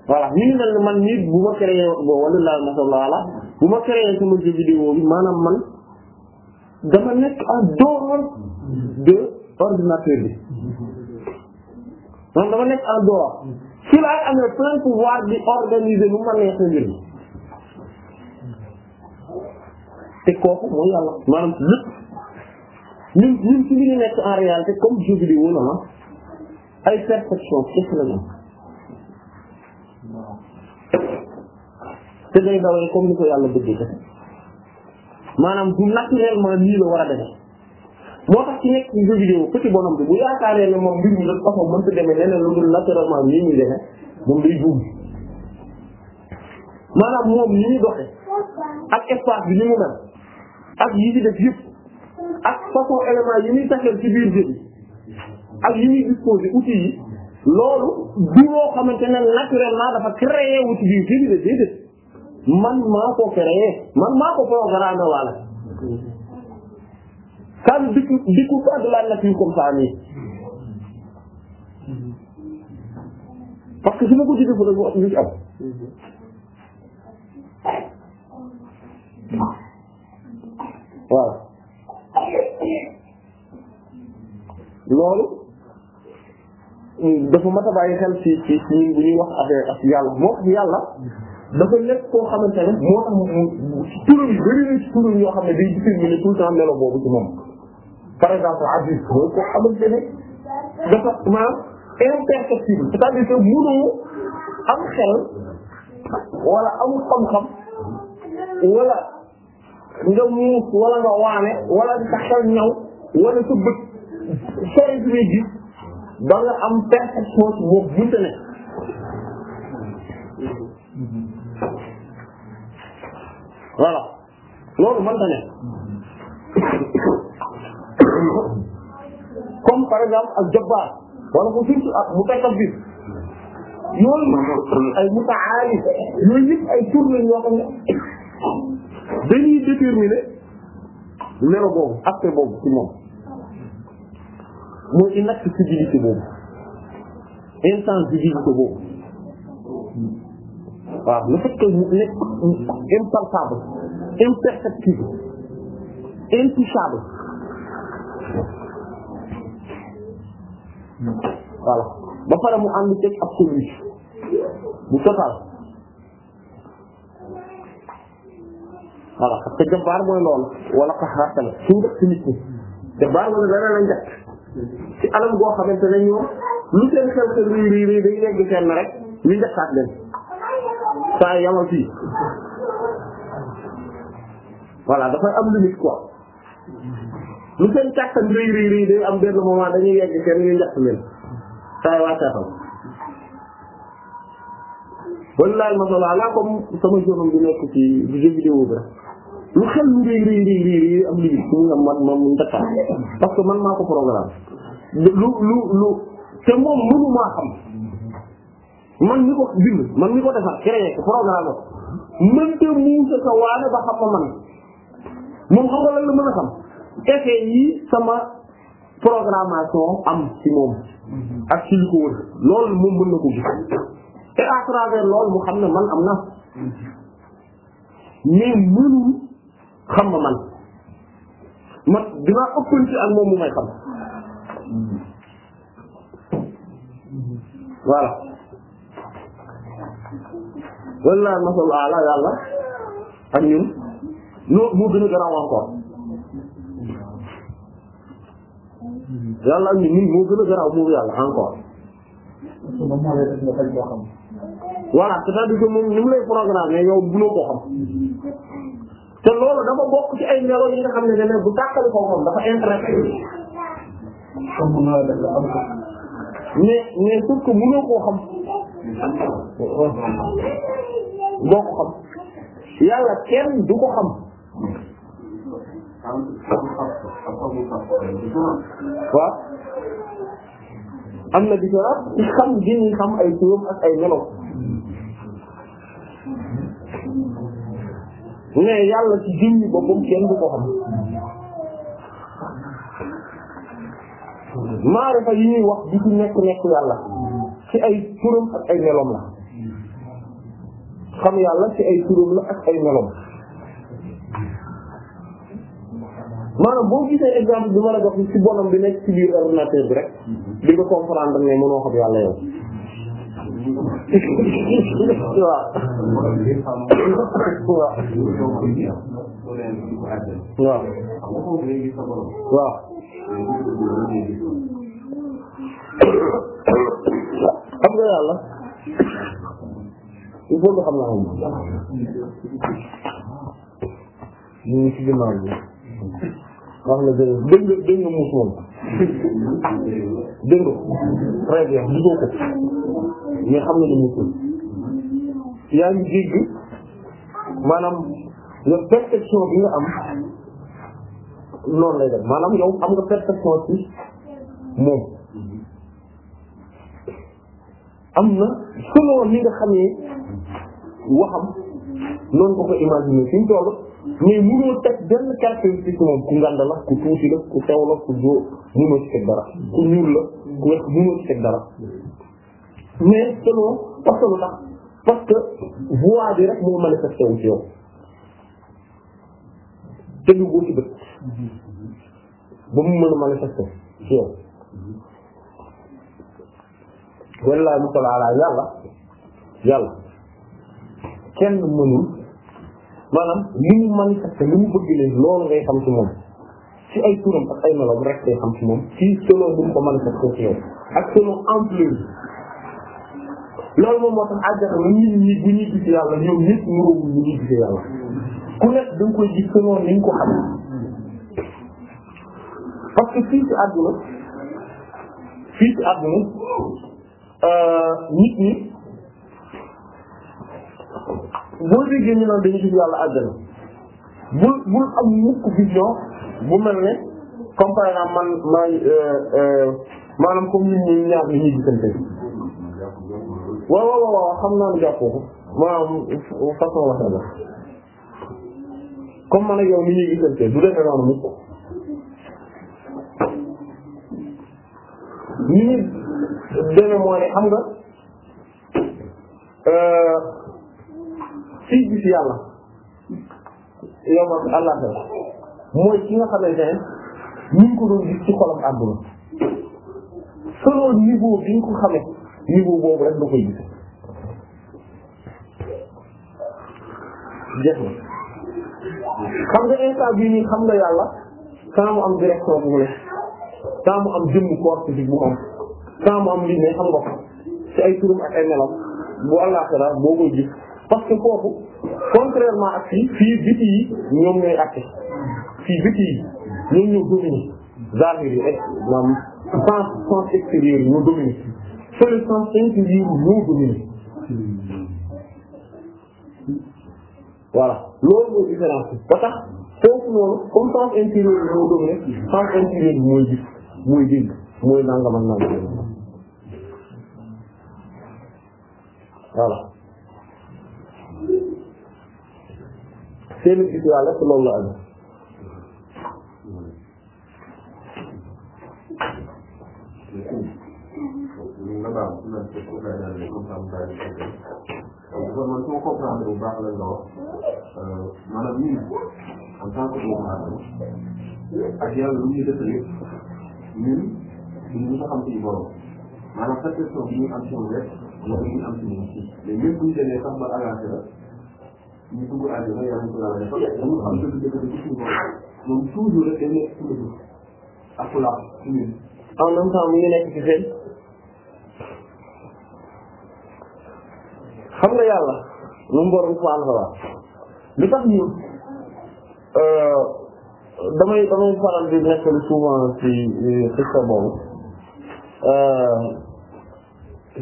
voilà ñu ngi man nit bu ma créé woon wala laa masalla bu ma créé sama jeu vidéo bi maanaam man dafa nekk en dehors de ordinateur bi nekk en dehors ci laay amee plein pouvoir di organiser lu ma neexee mbir mi te kooku mooy yàlla maanaam lépp ñun ñun ci li ñu nekk la ma ay perception kese la ñu te day dawee comme ni ko yàlla maanaam du naturellement nii la war a demee moo tax ci nekk ci jeu vidéo petit bonhomme bi bu yaakaaree ne moom mbir mi de façon mënta demee leneen lu dul naturellement nii muy demee moom day juum maanaam moom ni doxe ak espace bi ni mu mel ak yi ci def yëpp ak façon élément yi muy taxal ci biir jeu bi ak yi muy disposé outils yi loolu du loo xamante ne naturellement dafa créé wu ci biir jeu bi de déedéet man maa ko créé man maa ko programmé wala kan dikku dikku pas de la nature comme ça nii parce que su ma ko jëlee fa dafa ñu ci am. waaw loolu dafa mat a bàyyi xel ci ci ñun bu ñuy wax affaire ak yàlla moo yàlla. dafa nekk ko xamante ne moo tax mu turam yi bëri na ci turam yoo xam ne day déterminer tout le temps melo boobu ci moom par exemple aziz mooy koo xamante ne dafa maanaam imperceptible c'est-à-dire que mënoo am xel wala am xam-xam wala nga muus wala nga waane wala sa xel ñaw wala sa bët sori bi ngay ba nga am perception ci moom mënta ne voilà loolu mën na comme par exemple ak jabbaar wala mu fii ak mu tekkal biir ay mutaali ay tur lañ yoo xam ne dañuy déterminer melo boobu aspect boobu ci moom mooy inaccessibilité boobu insensibilité boobu waaw le fait nekk impalpable imperceptible intouchable voilà ba pare mu ànd teg absolu bu total voilà parce que jabbaar mooy loolu wala qaxaar tamit suñ def ci nit ñi jabbaar mooy dana la njëkk ci anam goo xamante ne ñoom lu seen xel xel rii rii rii day yegg seen rek ñu njëkkaat leen saa yamal fii voilà dafay am limite quoi lu seen kàttan rëy rëy rëy day am benn moment dañuy yegg seen ñu njëkk leen saa waa saa xam. comme sama jorom bi nekk ci jeu vidéo bi rek lu xel lu rëy rëy rëy rëy am limite mu man mu ndakkaat parce que man maa ko programme lu lu lu te moom mënu xam man mi ko bind man mi ko defar créé ko programme ko mënta muusa sa waane ba xam ma man moom xam nga lan la mën a xam effet yi sama programmation am ci moom mm-hmm. ak ci li ko wër loolu moom mën na ko gis et à loolu mu xam ne man am na mm-hmm. mais mënul xam ma man ma dinaa ëppanti ak moom mu may xam mm-hmm. voilà walla masal ala yàlla ak ñun non moo gën a garaaw encore yàlla ak nit ñi moo gën a garaaw moom yàlla encore. voilà c'est-à-dire que moom ni mu lay programmer yow te loolu dafa bokk ci ay melo yi nga xam ne bu tàqali ko moom dafa intéressé. comme la am mais mais sauf que mënoo koo xam. doo ko xam yàlla du ko xam. waaw am na différence ci xam gi ñu xam ay turam ak ay melo mais yàlla ci jëmmi boppam kenn du ko xam maarifa yi ñuy wax di ci nekk nekk yàlla ci ay turam ak ay melom la xam yàlla ci ay turam la ak ay melom maanaam boo gisee exemple bi ma la jox ci bonam bi nekk ci biir ordinateur bi rek mhm. di nga comprendre ne mënoo xam yàlla yow. waaw. waaw. waaw. xam nga yàlla il faut nga xam naa moom. ñu ngi ci ginnaaw wax la dëgg dëgg dëgg muus moom dëgg très bien gisoo ko mais xam nga ne muus yaa ngi dégg maanaam nga perception bi nga am noonu lay def maanaam yow am nga perception ci moom am na selon li nga xam ne waxam noonu ko ko imaginer fi mu toll mais mënoo teg benn caractéristique moom ku ngand la ku tuuti la ku sew la ku jóo mënoo teg dara ku ñuul la ku weex mënoo teg dara mais selon parce que lu tax parce que voix bi rek moo manifesté wu ci yow tegu boo ci bët ba mu mën a manifesté yow wallaahi mu sala ala yàlla yàlla kenn mënul maanaam li mu manifesté li mu bëgg leen loolu ngay xam ci moom ci ay turam ak ay meloom rek ngay xam ci moom ci selon bu mu ko manifesté ci yow ak selon ampleur loolu moom moo tax àjjana la nit ñi bu ñuy yàlla ñoom ñëpp ñuróowul ñu yàlla ku nekk da nga koy gis selon que fii euh, nit ñi boo déggee ñu naan dañu gis yàlla àjjana bul bul am mukk vision bu mel ne comme par exemple man maay euh, euh, ko maanaam façon waxee la comme man ak yow ni ñuy gisante du ñu demee mooy xam nga euh, kiy gis yàlla yow ma allah mooy ki nga xamante ne ñu ngi ko doon gis ci xolam àdduna selon niveau bi nga ko xamee niveau boobu rek da koy gis jeex na xam nga instant bii nii xam nga yàlla sans mu am direction bu mu ne sans mu am jëmm corps physique bu mu am sans mu am lii ne xam nga ko ci ay turam ak ay melam bu àllaaxira boo koy gis parce que foofu contrairement ak fii fii biti yi ñoom ñooy àtte fii biti yi ñoom ñoo dominer zahir yi maanaam sens sens extérieur yi ñoo dominer seul sens intérieur yi ñoo dominer voilà loolu mooy différence bi ba tax foofu noonu comme sens intérieur yi ñoo dominer sens intérieur bi mooy gis mooy dégg mooy nangam seeni histoire lépp loolu la am kon man su ma comprendre bu baax la nga wax maanaam ñun en tant que doomu aadama ak yàlla lu ñu def lépp ñun duñ mën a xam suñu borom maanaam perception bi ñu am suñu wet mooy ñu am suñu mais ñun bu ñu demee sax ba avancé la ñu dugg àdduna yàlla na ko laal rek dañu xam ne dëgg dëgg ci suñu bopp moom toujours rek dañ nekk suñu bopp ak laal ci ñun. en même temps mu ngi nekk ci seen xam nga yàlla moom borom subhanahu wa ta'ala li tax ñu euh, damay damay faral di nekk souvent ci xista boobu euh,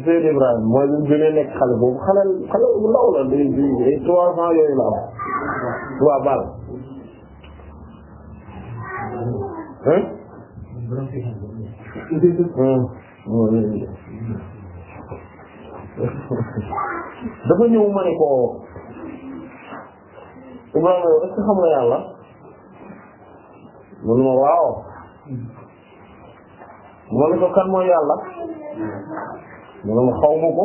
Seydi Ibrahima mooy bu xale boobu xale xale bu ndaw la day day trois ans yooyu la am waaw baal dafa ñëw ma ne ko Ibrahima yow est-ce que xam nga yàlla mu ne ma waaw ma ne ko kan mooy moom xaw ma ko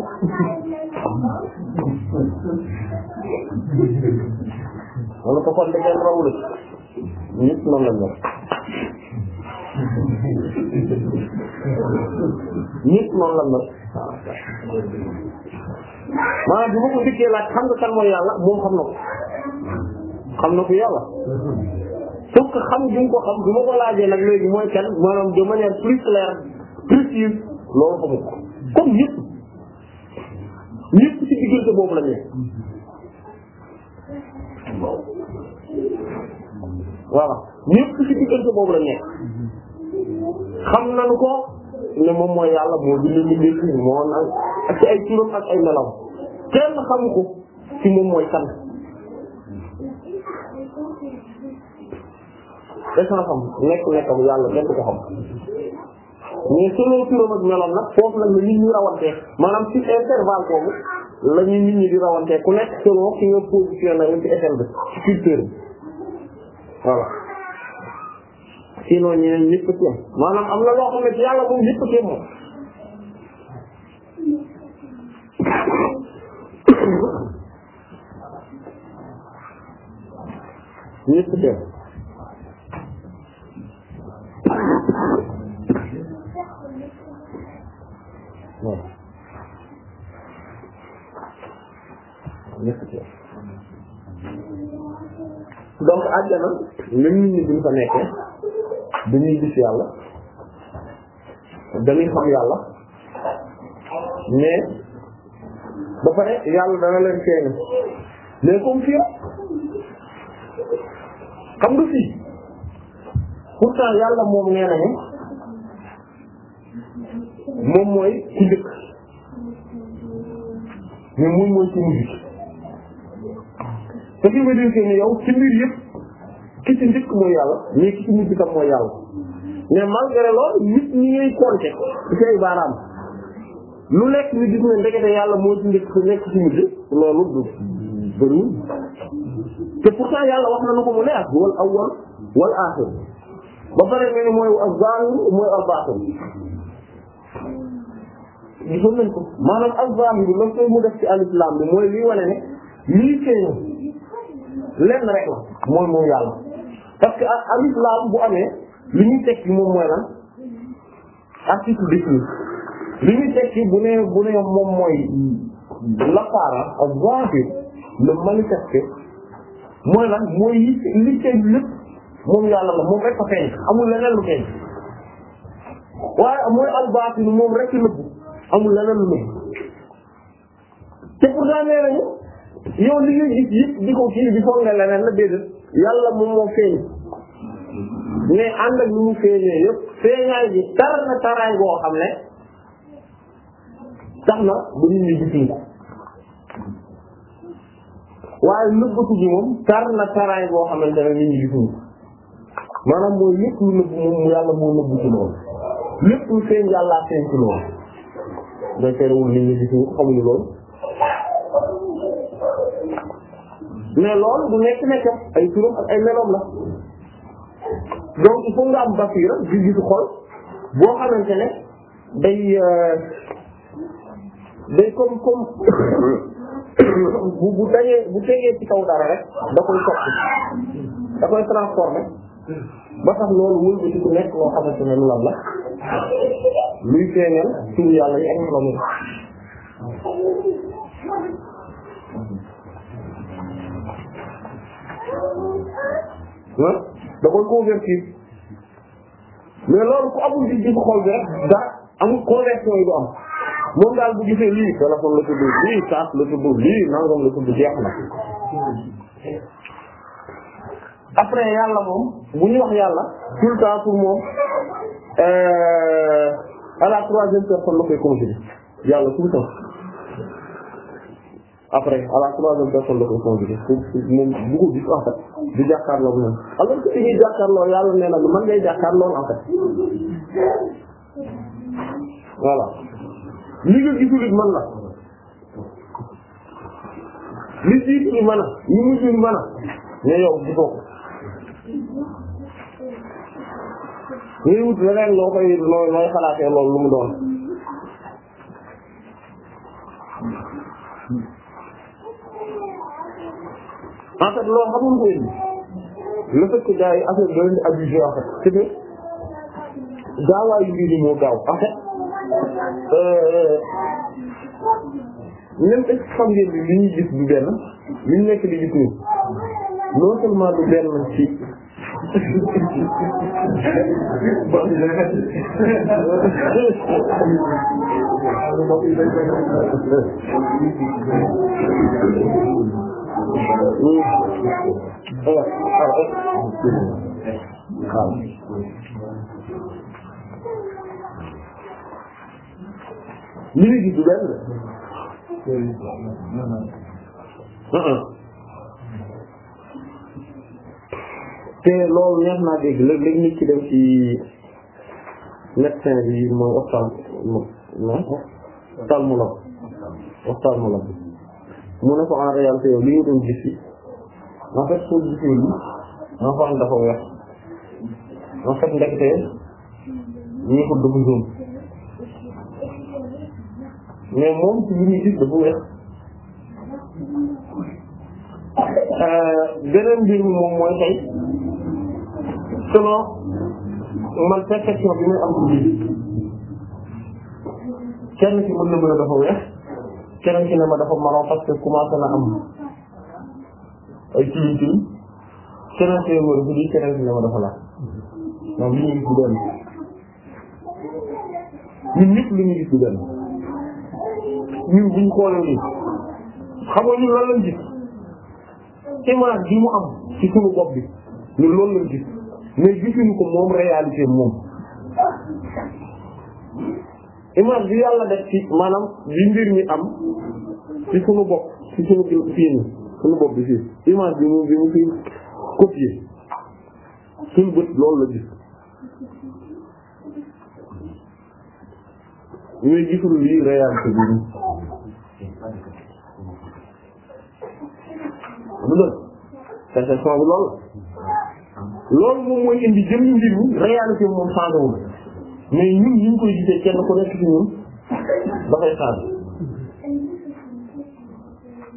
wala ko kon da ngeen raw la ñëpp noonu lañ def ñëpp noonu lañ def maanaam bi ma ko dikkee laaj xam na ko xam na ko yàlla sauf que xam gi ko xam bi ko laajee nag léegi mooy kan maanaam de manière plus claire précise loolu xamu ko comme ñëpp ñëpp ci diggante boobu la ñu voilà ñëpp ci diggante boobu la nekk xam ko ne moom mooy yàlla moo bind ñu nekk moo naan ak ci ay turam ak ay melam kenn xamu ko ci moom mooy kan. est xam nekk nekkam yàlla kenn du ko xam. mais selon turam ak la nit ñi rawantee maanaam ci intervalle boobu la nit ñi di rawantee ku nekk selon ki nga positionné wu ci échelle bi ci culture bi voilà sinon ñeneen ñëpp ci am maanaam am na loo xam ne ci yàlla moom ñëpp ci moom donc àjjana même nit ñi buñ fa nekkee dañuy gis yàlla dañuy xam yàlla mais ba pare yàlla dana leen feeñ mais comme fii xam nga fii pourtant yàlla moom nee nañu moom mooy ci njëkk mais moom mooy ci mujj ce qui veut dire que ni yow ci mbir yëpp ki ci njëkk mooy yàlla mais ki ci mujj tam mooy yàlla mais malgré loolu nit ñi ngay compter ci ay baaraam lu nekk ñu gis ne ndekete yàlla moo ci njëkk nekk ci mujj loolu du bëriwul te pourtant yàlla wax na nu ko mu neex wal awwal wal aaxir ba pare nga ne mooy az-zaahir mooy al-baatin gisoon nañ ko maanaam al-zahir bi mu def ci al bi mooy lii wane ne lii feeñu lenn rek la mooy moom yàlla parce que al-islam bu amee li ñuy tekki moom mooy lan article défini li ñuy tekki mooy l'apparent le manifesté mooy lan mooy li moom yàlla la moom rek a feeñ amul leneen lu feeñ waaye mooy al moom rek ci nëbbu amul leneen lu ne te pourtant nee nañu yow li ngay gis yëpp di ko kii bi foog nga leneen la déedéet yàlla moom moo feeñ mais ànd ak mu feeñee yëpp feeñaay bi tar na taraay boo xam ne tax na ba nit ñi gisuñ ko waaye nëbbatu bi moom tar na taraay boo xamante ne nit ñi gisuñ ko maanaam mooy lépp lu nëbb moom yàlla moo nëbb ci loolu lépp lu feeñ yàllaa feeñ ci loolu day terewul nit ñi gis ñu ko xamuñu loolu mais loolu du nekk ay turam ay meloom la donc il faut nga am basira gis gisu xol boo xamante ne day euh, day comme comme bu bu dajee bu tegee ci kaw dara rek da koy soppi da koy transformé ba tax loolu wëlbati ku nekk loo xamante ne lu la luy feeñal tur yàlla yi ak borom da koy convertir mais loolu ku amul di gis xol bi rek la tudd lii saas la jeex na après yàlla tout le temps pour moom euh, à la troisième personne la koy conjugué yàlla tout le temps après à la troisième personne la koy conjugué moom bu ko gis en fait di jàkkaarloo moom alors que dañuy jàkkaarloo yàlla nee na man ngay jàkkaarloo en fait voilà li nga gisul it man la li jiitu li mën a li mujj li mën a mais yow gisoo ko ngay wut leneen loo looy xalaatee loolu lu mu doon en fait loo xamul ko indi le fait que yi affaire bi da leen di abusé en fait c'est que gaawaayu gaaw en fait euh, même xam li ñuy gis du benn li ñu nekk di gis nii non seulement du benn ci ñu ngi gis du benn te loolu neex naa dégg léeg-léeg nit ki dem ci médecin bi mooy ostal ostalmologue ostalmologue mu ne ko en réalité yow li nga doon gis yi en fait soo gisee yi en fait dafa weex en fait ndekete ñu ko dafa moom ci li muy gis dafa weex euh, beneen mbir mi moom mooy tey selon man perception bi muy am ci biir kenn ci mën na mën a dafa weex kenn ci ne ma dafa marron parce que commencé na am ay tilim tilim keneen ci ne ma dafa lii keneen ci ne ma dafa la moom li ñu gis du benn ñun ñëpp li ñu gis du benn ñun buñ xoolee nii xam nga ñun lan lañ gis image bi mu am ci suñu bopp bi ñun loolu lañ gis mais gisuñu ko moom réalité moom image bi yàlla def ci maanaam bi mbir mi am ci suñu bopp ci suñu fii ni suñu bopp bi fii image bi moom bi mu fi copier suñu bët loolu la gis mais gisul lii réalité bi ni du dëgg perception bi loolu loolu moom mooy indi jëmmi mbir mi réalité bi moom changéwul mais ñun ñu ngi koy gisee kenn ku nekk ñun dafay changé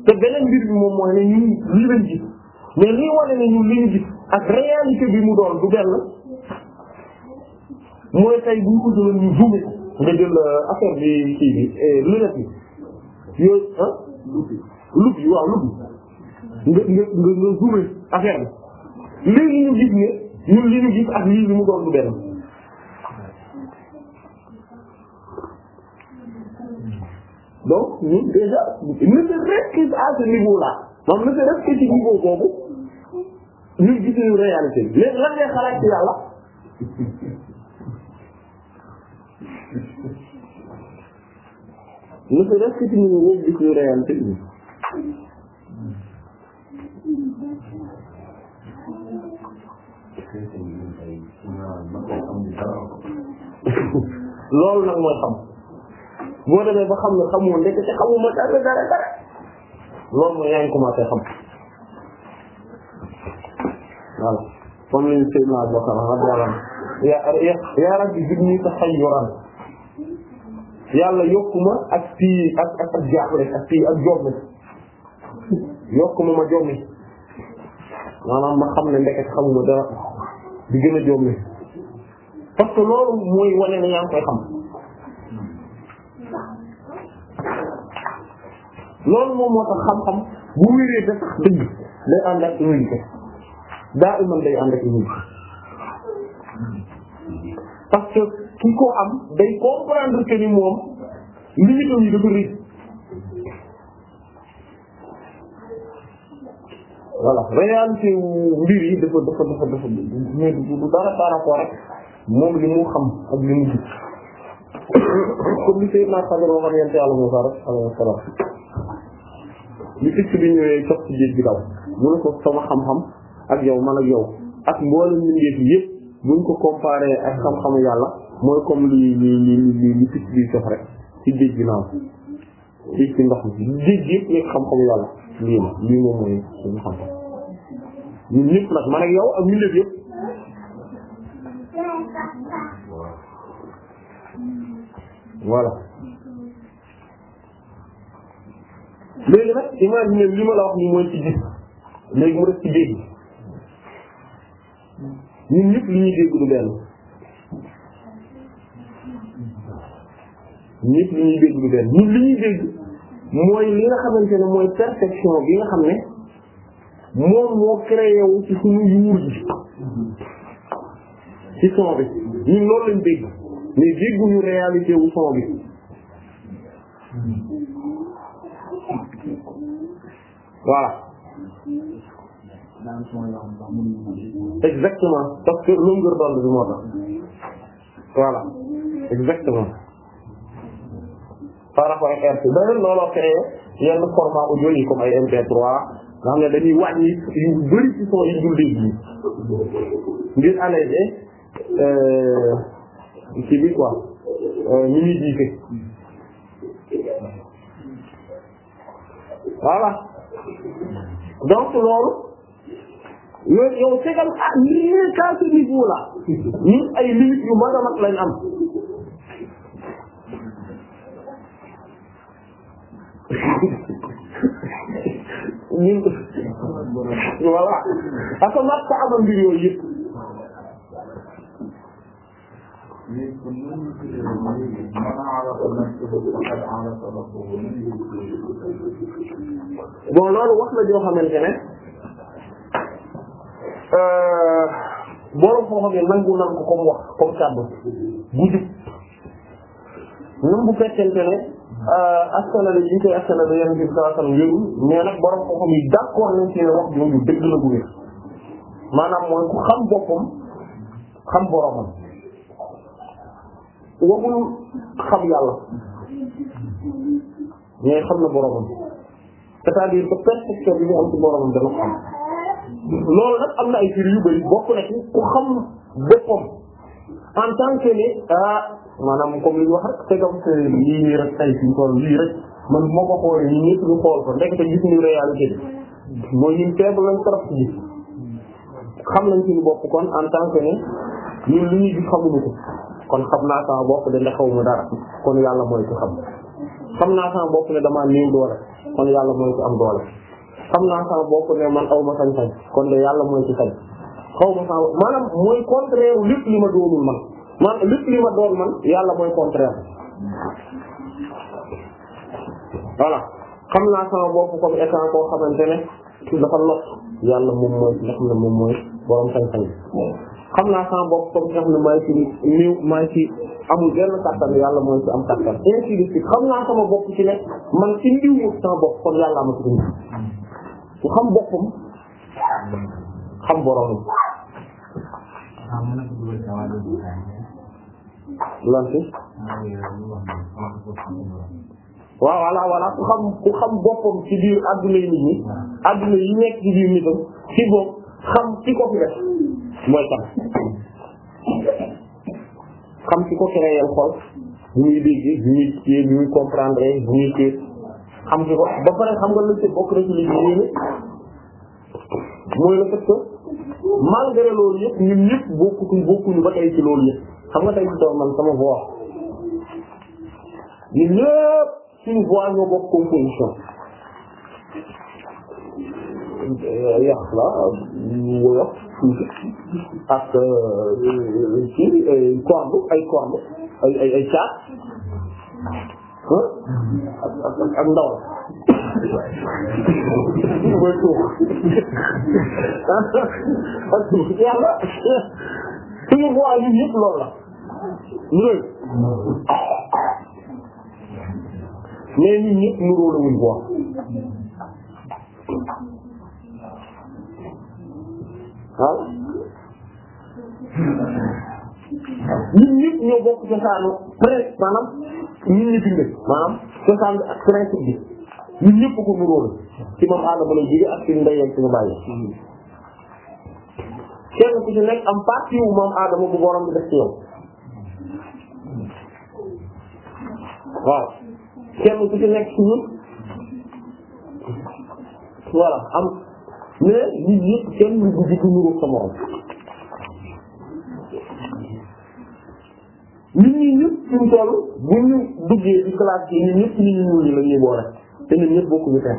te beneen mbir bi moom mooy ne ñun lii lañ gis mais lii ne ñun li ñu gis ak réalité bi mu doon du benn mooy tey bu ñu ko jëloon ñu zoomé ko nga jël euh, affaire bi kii bi euh, lunette yooyu ah waaw lup yi nga nga nga zoomé affaire bi léegi ñu gis ne li ñu gis ak lii li mu doon lu benn donc ñun déjà ne serait-ce que à ce niveau là moom ne serait-ce que ci niveau boobu ñun gis nañu réalité bi léegi lan ngay xalaat ci yàlla ne serait-ce que ci niveau boobu loolu nag mooy xam boo demee xam ne xamoo ndekete xamuma dara dara dara loolu mooy yaa xam yaa rabbi yàlla yokkuma ak tii ak ak ak jaaxle ak tii yokkuma ma jommi maanaam ma xam ne ndekete xamuma dara di gën a jommi parce que loolu mooy wane ne yaa ngi koy xam loolu moom moo tax xam-xam bu wéree da sax dëgg day ànd ak humilité daa iman day ànd ak humilité parce que ki ko am day comprendre que ni moom limite yi dafa rëy voilà réalité wu mbir yi dafa dafa dafa dafa mais du dara par rapport rek moom li mu xam ak li mu gis comme li Seydina Xadir waxoon yonent Yàlla Muusaa rek li picc bi ñëwee cox ci géej gi daw mu ne ko sama xam-xam ak yow man ak yow ak mboolem mbindeef yëpp ko comparé ak xam yàlla mooy comme li ci géej gi naaw ci ndox mi nekk yàlla yëpp voilà léegi nag imagine li ma la wax ni mooy ci léegi mu def ci dégg ñun li ñuy li ñuy li dégg mooy li nga xamante ne mooy perception bi nga xam ne moom moo créé wu ci suñu yuur ji ci son bi ñun loolu lañ dégg mais dégguñu réalité wu son bi voilà exactement parce que longueur d'onde bi moo exactement par rapport ak RT d'ailleurs looloo créé yenn format audio yi comme ay MP3 nga xam ne dañuy wàññi yu bari ci son yi dul dégg ngir alléger ci euh, bi quoi euh, ñu ñuy jiite voilà donc loolu yooyu yow fegal ah lii kaa ce niveau là ñun ay limites yu mag a mag lañ am ñun voilà parce que mag ko amal mbir yooyu yëpp من عرف نفسه فقد عرف ربه bon loolu wax la joo xamante ne euh, borom foo xam ne nangu nan ko comme wax comme kàddu bu jub ñun bu fekkente ne euh, askanale yi koy askanale yéen bi sallallahu alayhi wasallam wérul mais nag borom foo xam yi d'accord nañ ci ne wax jooju dëgg la bu wér maanaam mooy ku xam boppam xam boromam waxul xam yàlla mais xam na boromam c'est-à-dire loolu nag am na ay firi yu bari bokk na ku xam boppam en tant que ah, maanaam comme li ñu wax rek tegam que lii rek tay ko xool ko ndekete gis ñu réalité bi mooy ñun faible lañ trop ci gis xam nañ bopp kon en tant que ne ñun ñuy gis xamuñu ko kon xam naa sama bopp de xaw ma dara kon yàlla mooy ku xam xam naa sama bopp ne damaa doole kon yàlla mooy ku am doole xam naa sama bopp ne kon yàlla mooy ku sañ contraire lépp ma doonul man maanaam lépp ma doon man yàlla mooy contraire voilà xam naa sama bopp comme état koo xamante ne dafa lot yàlla moom mooy nga moom mooy borom sañ-sañ xam naa sama bopp comme nga xam ne maa ngi ci néew maa ngi ci yàlla mooy ci am kàttan ainsi xam naa sama bopp ci ne man ci ndiw mu sama bopp kon yàlla ma ci dund ku xam boppam xam borom lan waaw voilà voilà ku xam ku xam boppam ci biir adduna yi nit ñi adduna yi nekk ci biir nitam ci bopp xam ki ko fi mooy kan xam ki ko créé xol bu ñuy dégg bu ñuy téye bu ñuy comprendre bu ñuy téye xam ki ko ba pare xam nga lu ci bokk rek li yéene mooy le fait que malgré loolu yëpp ñun ñëpp bokkuñu bokkuñu ba tey ci loolu yëpp xam nga tey ci doon man sama voix ñun ñëpp suñu voix ñoo bokk composition yàq la woyof tuuti ak ci euh, corde ay corde ay ay ay caat ak ak ak ndaw mooy tuux yàlla suñu voie yi yëpp loolu la ñu mais ñun ñëpp ñu róole wuñ voie waaw ñun ñëpp ñoo bokk cosaanu pré maanaam ñun ñu bindee maanaam cosaan bi ak principe bi ñun ñëpp ko nuróole ci moom Adama la jóge ak suñu ndey ak suñu bàyyi kenn ku ci nekk am partie wu moom Adama bu borom bi def ci yow waaw kenn ku ci nekk ci ñun am mais nit ñëpp kenn du jikko nuru sa morom nit ñi ñëpp suñ toll bu ñu duggee ci classe yi ñun ñu ñuul ñi boole te ñun ñëpp bokkuñu tey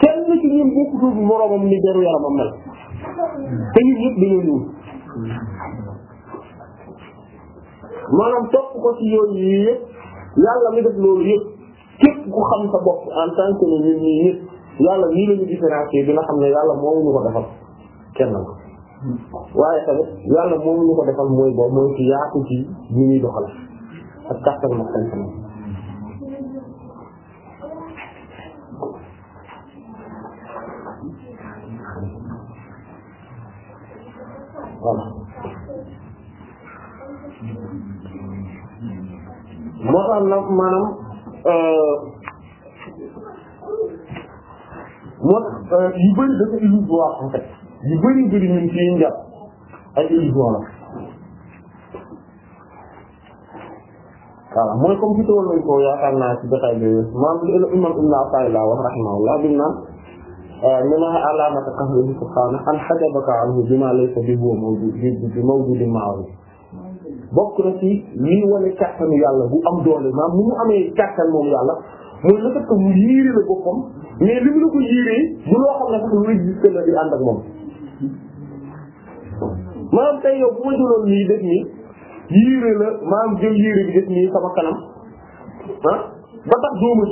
kenn ci ñun bokkutul moromam ni deru yaramam mel te ñun ñëpp dañoo ñuul maanaam topp ko ci yooyu yii yëpp yàlla mi def loolu yëpp képp ku xam sa bopp en tant que ñun ñii yàlla nii lañu différencier bi nga xam ne yàlla moo ñu ko defal kenn la waaye tamit yàlla moom ñu ko defal mooy boobu moo tax nag maanaam euh, moo tax euh, yu bëri dafa illusoire en fait yu bëri bëri ñun ci yiñ jàpp ay illusoire mooy comme si tawal ko yaakaar naa ci jotaay bi maam li imam ibn Ata'illah wax rahimahullah bi naan li euh, ma alaamata qahrihi subhaanahu an hajabaka anhu bima laysa bi huwa mawjud bi mawjudin ma'ahu bokk na ci lii wane kàttanu yàlla bu am doole maam ni mu amee kàttan moom yàlla mooy le fait que mu la boppam mais mu ma yiire la ah, tax doo ma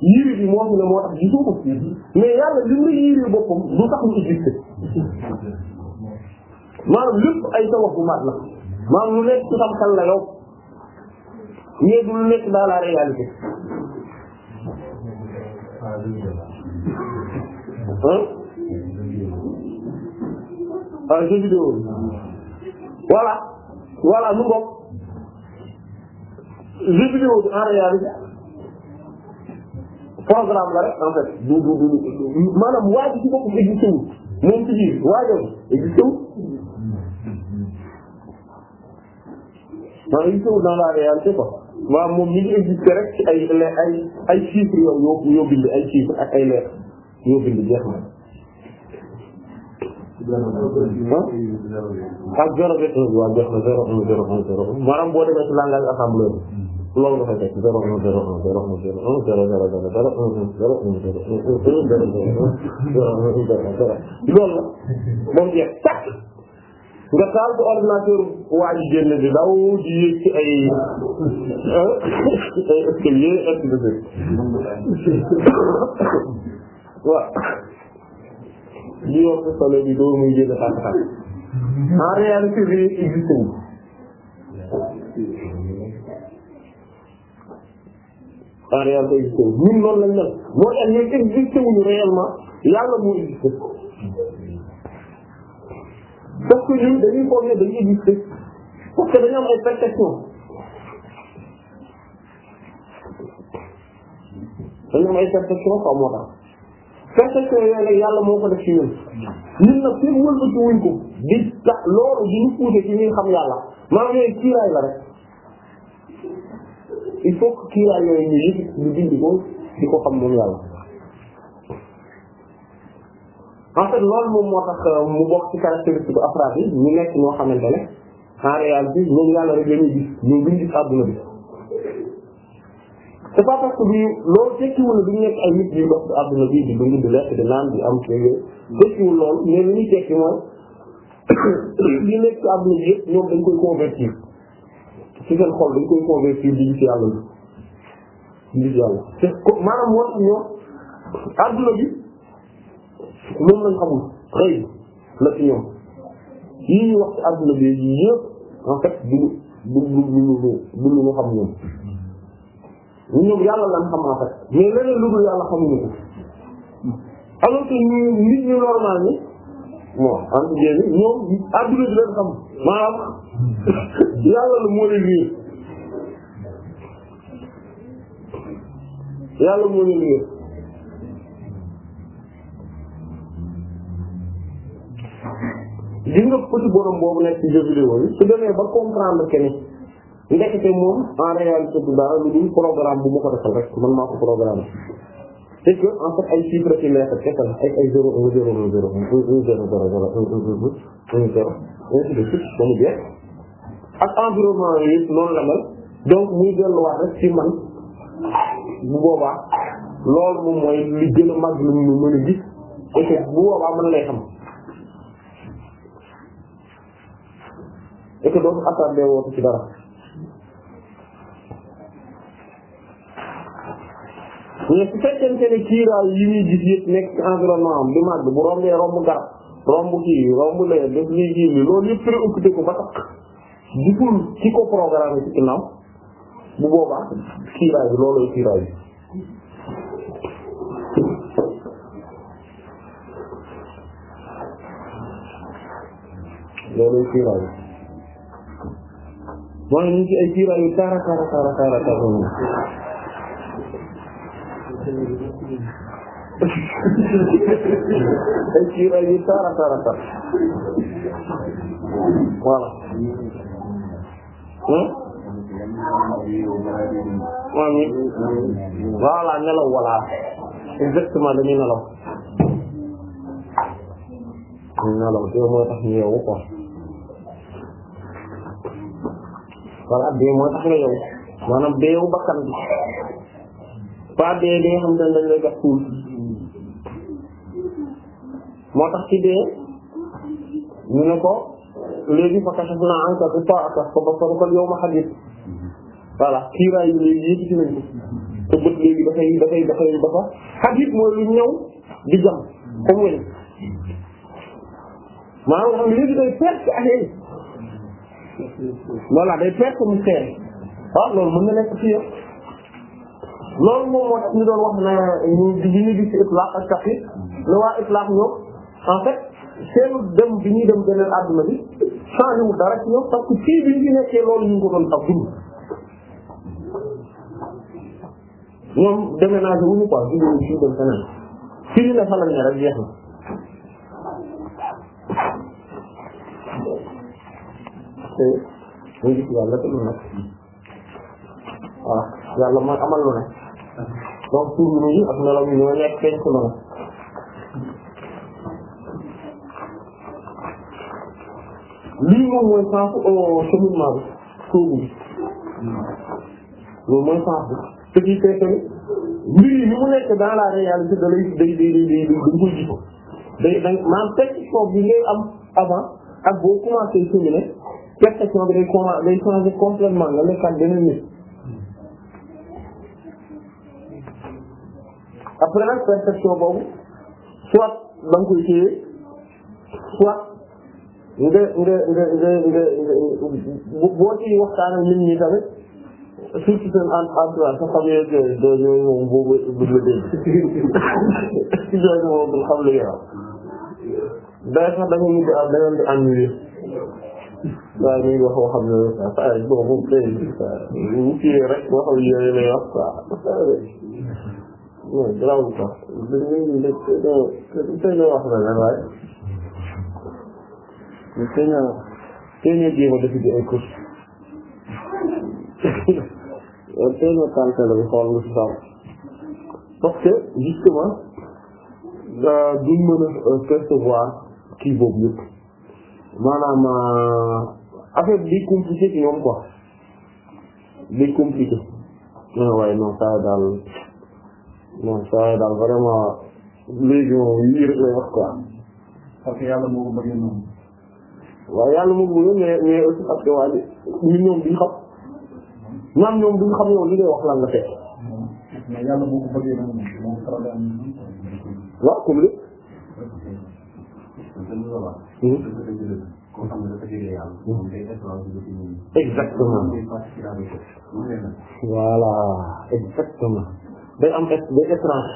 bi boppam du lu nekk ci sam la yow mais du lu nekk dans la réalité ah jeu vidéo voilà voilà mu bokk jeu vidéo bi en réalité programme la rek en fait du du du maanaam waa ji ci boppam existé wu moom ci biir waa jooju existé wu maanaam existé wu dans la réalité quoi waaw moom mi ngi existé rek ci ay ay ay chiffres yow yoo yoo bind ay chiffres ak ay lettres yoo bind jeex na. ak zéro et un waaw jeex na zéro un zéro un zéro un maanaam boo demee ci langage assemblée bi loolu nga fay def zéro un zéro un zéro un zéro un zéro zéro zéro zéro un zéro un zéro un zéro zéro zéro un zéro un zéro zéro loolu la moom jeex tàkk nga taal ko ordinateur waa ji génn daw di yéeg ci ay ah, ay escalier et waaw di wax ko solo bi muy génn xar xar en réalité bi existe wu en réalité existe wu ñun noonu lañ nag moo tax ñu existe wuñu réellement yàlla parce que ñun dañuy foog ne dañuy gis dëgg parce que dañu am ay perceptions dañu am ay perceptions xaw moo tax perceptions yooyu nag yàlla moo ko def ci ñun ñun nag seen wëlbati wuñ ko di tax loolu di ñu poussé ci ñuy xam yàlla maanaam yooyu kiiraay la rek il faut que kiiraay yooyu ñu yëg ñu dindi ko di ko xam moom yàlla en fait loolu moom moo tax euh, mu bokk ci caractéristique afraad ñu nekk ñoo xamante ne en réalité ñoom yàlla la ñuy gis ñoom duñu gis àdduna bi c'est pas parce que bi loolu tekkiwul ne duñu nekk ay nit yu dox bi àdduna bi di dund di lekk di naan di am kii yooyu tekkiwul loolu mais li ñuy tekki mooy li nekk ci àdduna bi yëpp ñoom dañ koy convertir ci seen xol di gis yàlla bi di gis yàlla te maanaam moo tax ñoom àdduna bi moom lañ xamul xëy la ci ñoom yii ñuy wax ci àdduna bi yëpp en fait du du du du lu ñu xam ñoom ñoom yàlla lañ xam en fait mais leneen lu dul yàlla xamuñu ko alors que ñu nit ñu normal ni bon entre guillemets ñoom àdduna bi leen xam maanaam yàlla la moo leen liir yàlla moo leen liir gis nga petit bonhomme boobu nekk ci jeu vidéo yi su demee ba comprendre que ni ndekete moom en réalité du dara lu dul programme bu ma ko defal rek man maa ko programme c'est que en fait ay chiffres ci lettre kese la ay ay zéro un zéro un zéro un un zéro zéro zéro un un un un zéro ainsi de suite ba mu jeex ak environnement yi noonu la mel donc muy delluwaat rek ci man bu boobaa loolu moom mooy li gën a mag lu mu mën a gis et que bu boobaa man lay xam et que dootu attardé wootu ci dara mais su fekkente ne kiiraay yi muy gis yëpp nekk ci environnement am du màgg bu rombee romb garab romb kii romb lee def lii gii li loolu yëpp préoccupé ko ba tax gisul ci ko programme ci ginnaaw bu boobaa kiiraay bi loolooy kiiraay bi loolooy maanaam ñu ngi ci ay kiiraay yu taara taara taara taara taara ay kiiraay yu taara taara taara voilà amin hmm? voilà nelaw wala exactement dañuy nelaw nelaw te moo tax ñu yeewu quoi voilà dee moo tax nga yow maanaam deewu bakkan bi pas dee dee xam ne dañ lay gas suul moo tax ci dee ñu ne ko léegi fa kasaf naa anka bi ta'atak fa basaruka yow ma xadit voilà kiiraay yi léegi yëpp ci nañ ko te bët léegi dafay dafay dafay dafa xadit mooy lu ñëw di jam comme wéñ maanaam nga xam léegi day perte affaire voilà day perte mu seere waaw loolu mën na nekk ci yow loolu moom moo tax ñu wax na ñu di ñu gis ci itlaq ak taqyid ne waa itlaq ñoom en fait seenu dem bi ñuy dem beneen àdduna bi changé wu dara ci ñoom parce que fii bi ñu nekkee loolu ñu ngi ko doon tax dund ñoom déménagé wuñu quoi fii dem feneen fii ñu ne fa lañ ne rek jeex na te muy gis yàlla te lu nekk waaw yàlla mooy amal lu ne donc tur yi ak melaw yi ñoo nekk feeñ ci lu ne lii moom mooy sens cheminement bi sóobu bi loolu mooy sens bi ce qui fait que mbir yi ni mu nekk dans la réalité da lay day day day day dañ koy jiko day da maanaam perception bi ngay am avant ak boo commencé cheminer perception bi day commencé day changer complètement nga nekkaat beneen nit après nag perception boobu soit da nga koy téye soit nga nga nga nga nga boo ci waxtaan ak nit ñi tamit surtout seen entourage sa famille ak yooyu yooyu moom boobu duñ la dégg si yooyu moom duñ xam li nga wax day sax da nga mujj da ngeen di ennuyer waaw ñuy wax waxam ne saa yi boobu tey bu kii rek waxam yooyu lay wax quoi non garaawul quoi dañuy dañ teel a wax la leen waaye teel a teel a jéem a def ci ay course teel a tànte la bi xool nga si saw parce que justement duñ mën a percevoir kii boobu yëpp maanaam affaire bi day compliqué ci ñoom quoi day compliqué ah waaye non saa daal non saa daal vraiment léegi moom rek lay wax yàlla moo ko bëggee noonu. waaw yàlla moo ko bëggee aussi parce que waa ñoom duñ xam ñoom ñoom duñ xam yow li ngay wax lan nga fekk. mais yàlla moo moo xam ne dafa jógee yàlla. moom day étranger bi ci ñun. exactement moom day participer avec eux. voilà exactement. day am day étrange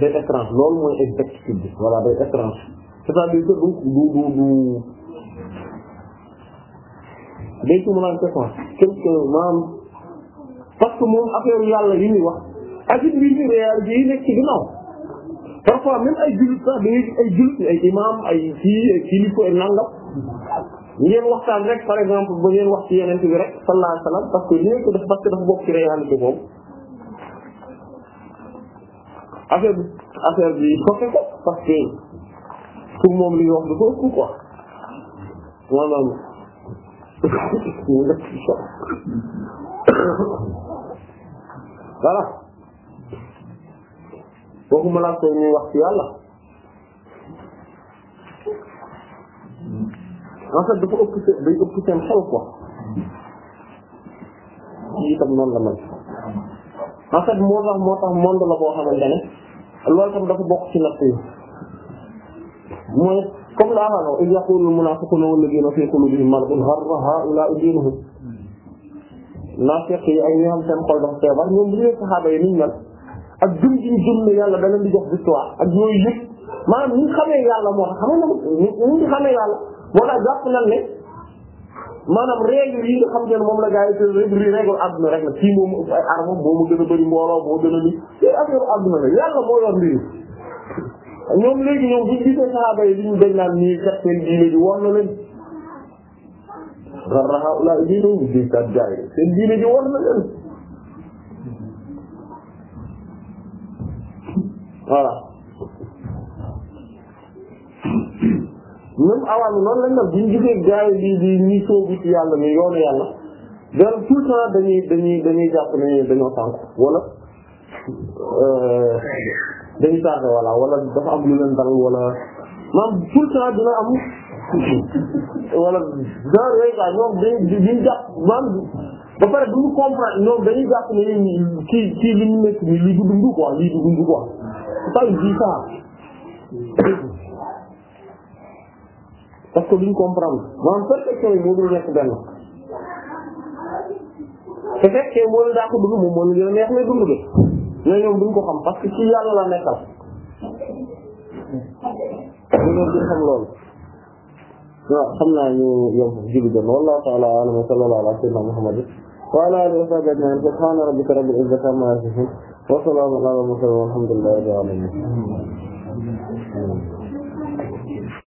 day étrange loolu mooy exactitude bi voilà day étrange c'est-à-dire que du du du du day sumulante quoi quelque maanaam parce que moom affaire yàlla yi muy wax parfois même ay jullit sax da ngay ay jullit ay imam ay kii ay kilifa ay nangam ngeen waxtaan rek par exemple ba ngeen wax ci yeneen bi rek sallallahu alayhi wasallam parce que li ko def parce que dafa bokk ci réalité boobu affaire bi affaire bi soppe ko parce que pour moom li wax du ko ëpp quoi maanaam voilà waxuma laa koy ñuy wax ci yàlla en fait dafa ëpp seen day ëpp seen xel quoi ci itam noonu la mel en fait moo tax moo tax monde la boo xamante ne loolu tam dafa bokk ci natt yi mooy comme la amano iz yaqulu al-munafiquna wal-ladina fi qulubihim maradun gharra ha'ula'i dinuhum naafiq yi ay ñi xam seen xol dafa feebar ñoom bu ñu saxaaba yi niñ mel ak gëm gi ñu ne yàlla da leen di jox victoire ak yooyu yëpp maanaam ñi xamee yàlla moo tax xam nga ñi ñi xamee yàlla moo tax jàpp nañ ne maanaam règle yi nga xam ne moom la gars yi te règle règle àdduna rek la kii moomu ay armes moomu gën a ba mbooloo moo gën a lii te affaire àdduna la yàlla moo yor mbir ñoom léegi ñoom bu ñu gisee saxaaba yi li ñu dañ naan nii kat seen diine ji war na leen garra haula diinuhum seen diine ji war na leen voilà ñoom awaami noonu lañ def bu ñu gisee gaay bi di ñi soobu ci yàlla ni yoonu yàlla donc tout le temps dañuy dañuy dañuy jàpp ne dañoo sànk wala euh, dañuy tardé voilà wala dafa am lu leen dal wala maanaam tout le dina am wala genre yooyu quoi ñoom dañuy dañuy jàpp maanaam ba pare du ñu comprendre ñoom dañuy jàpp ne kii li ñu nekk nii lii du dund quoi lii du pas bizarre parce que duñ comprendre maanaam perfection yi moo dul nekk benn te fekkee moo la daa ko dund moom moo la gën a neex ne dund de mais ñoom duñ ko xam parce que ci yàlla la nekkal dañoo gën xam loolu waaw xam naa ñu yom jibi jon wallahu ta'ala a'lam wa sallallahu ala sayyidina muhammad wa ala alihi wa sahbihi ajma'in subhana rabbika rabbil izzati amma yasifun wa salaamun alal mursaliin walhamdulillaahi rabbil aalamiin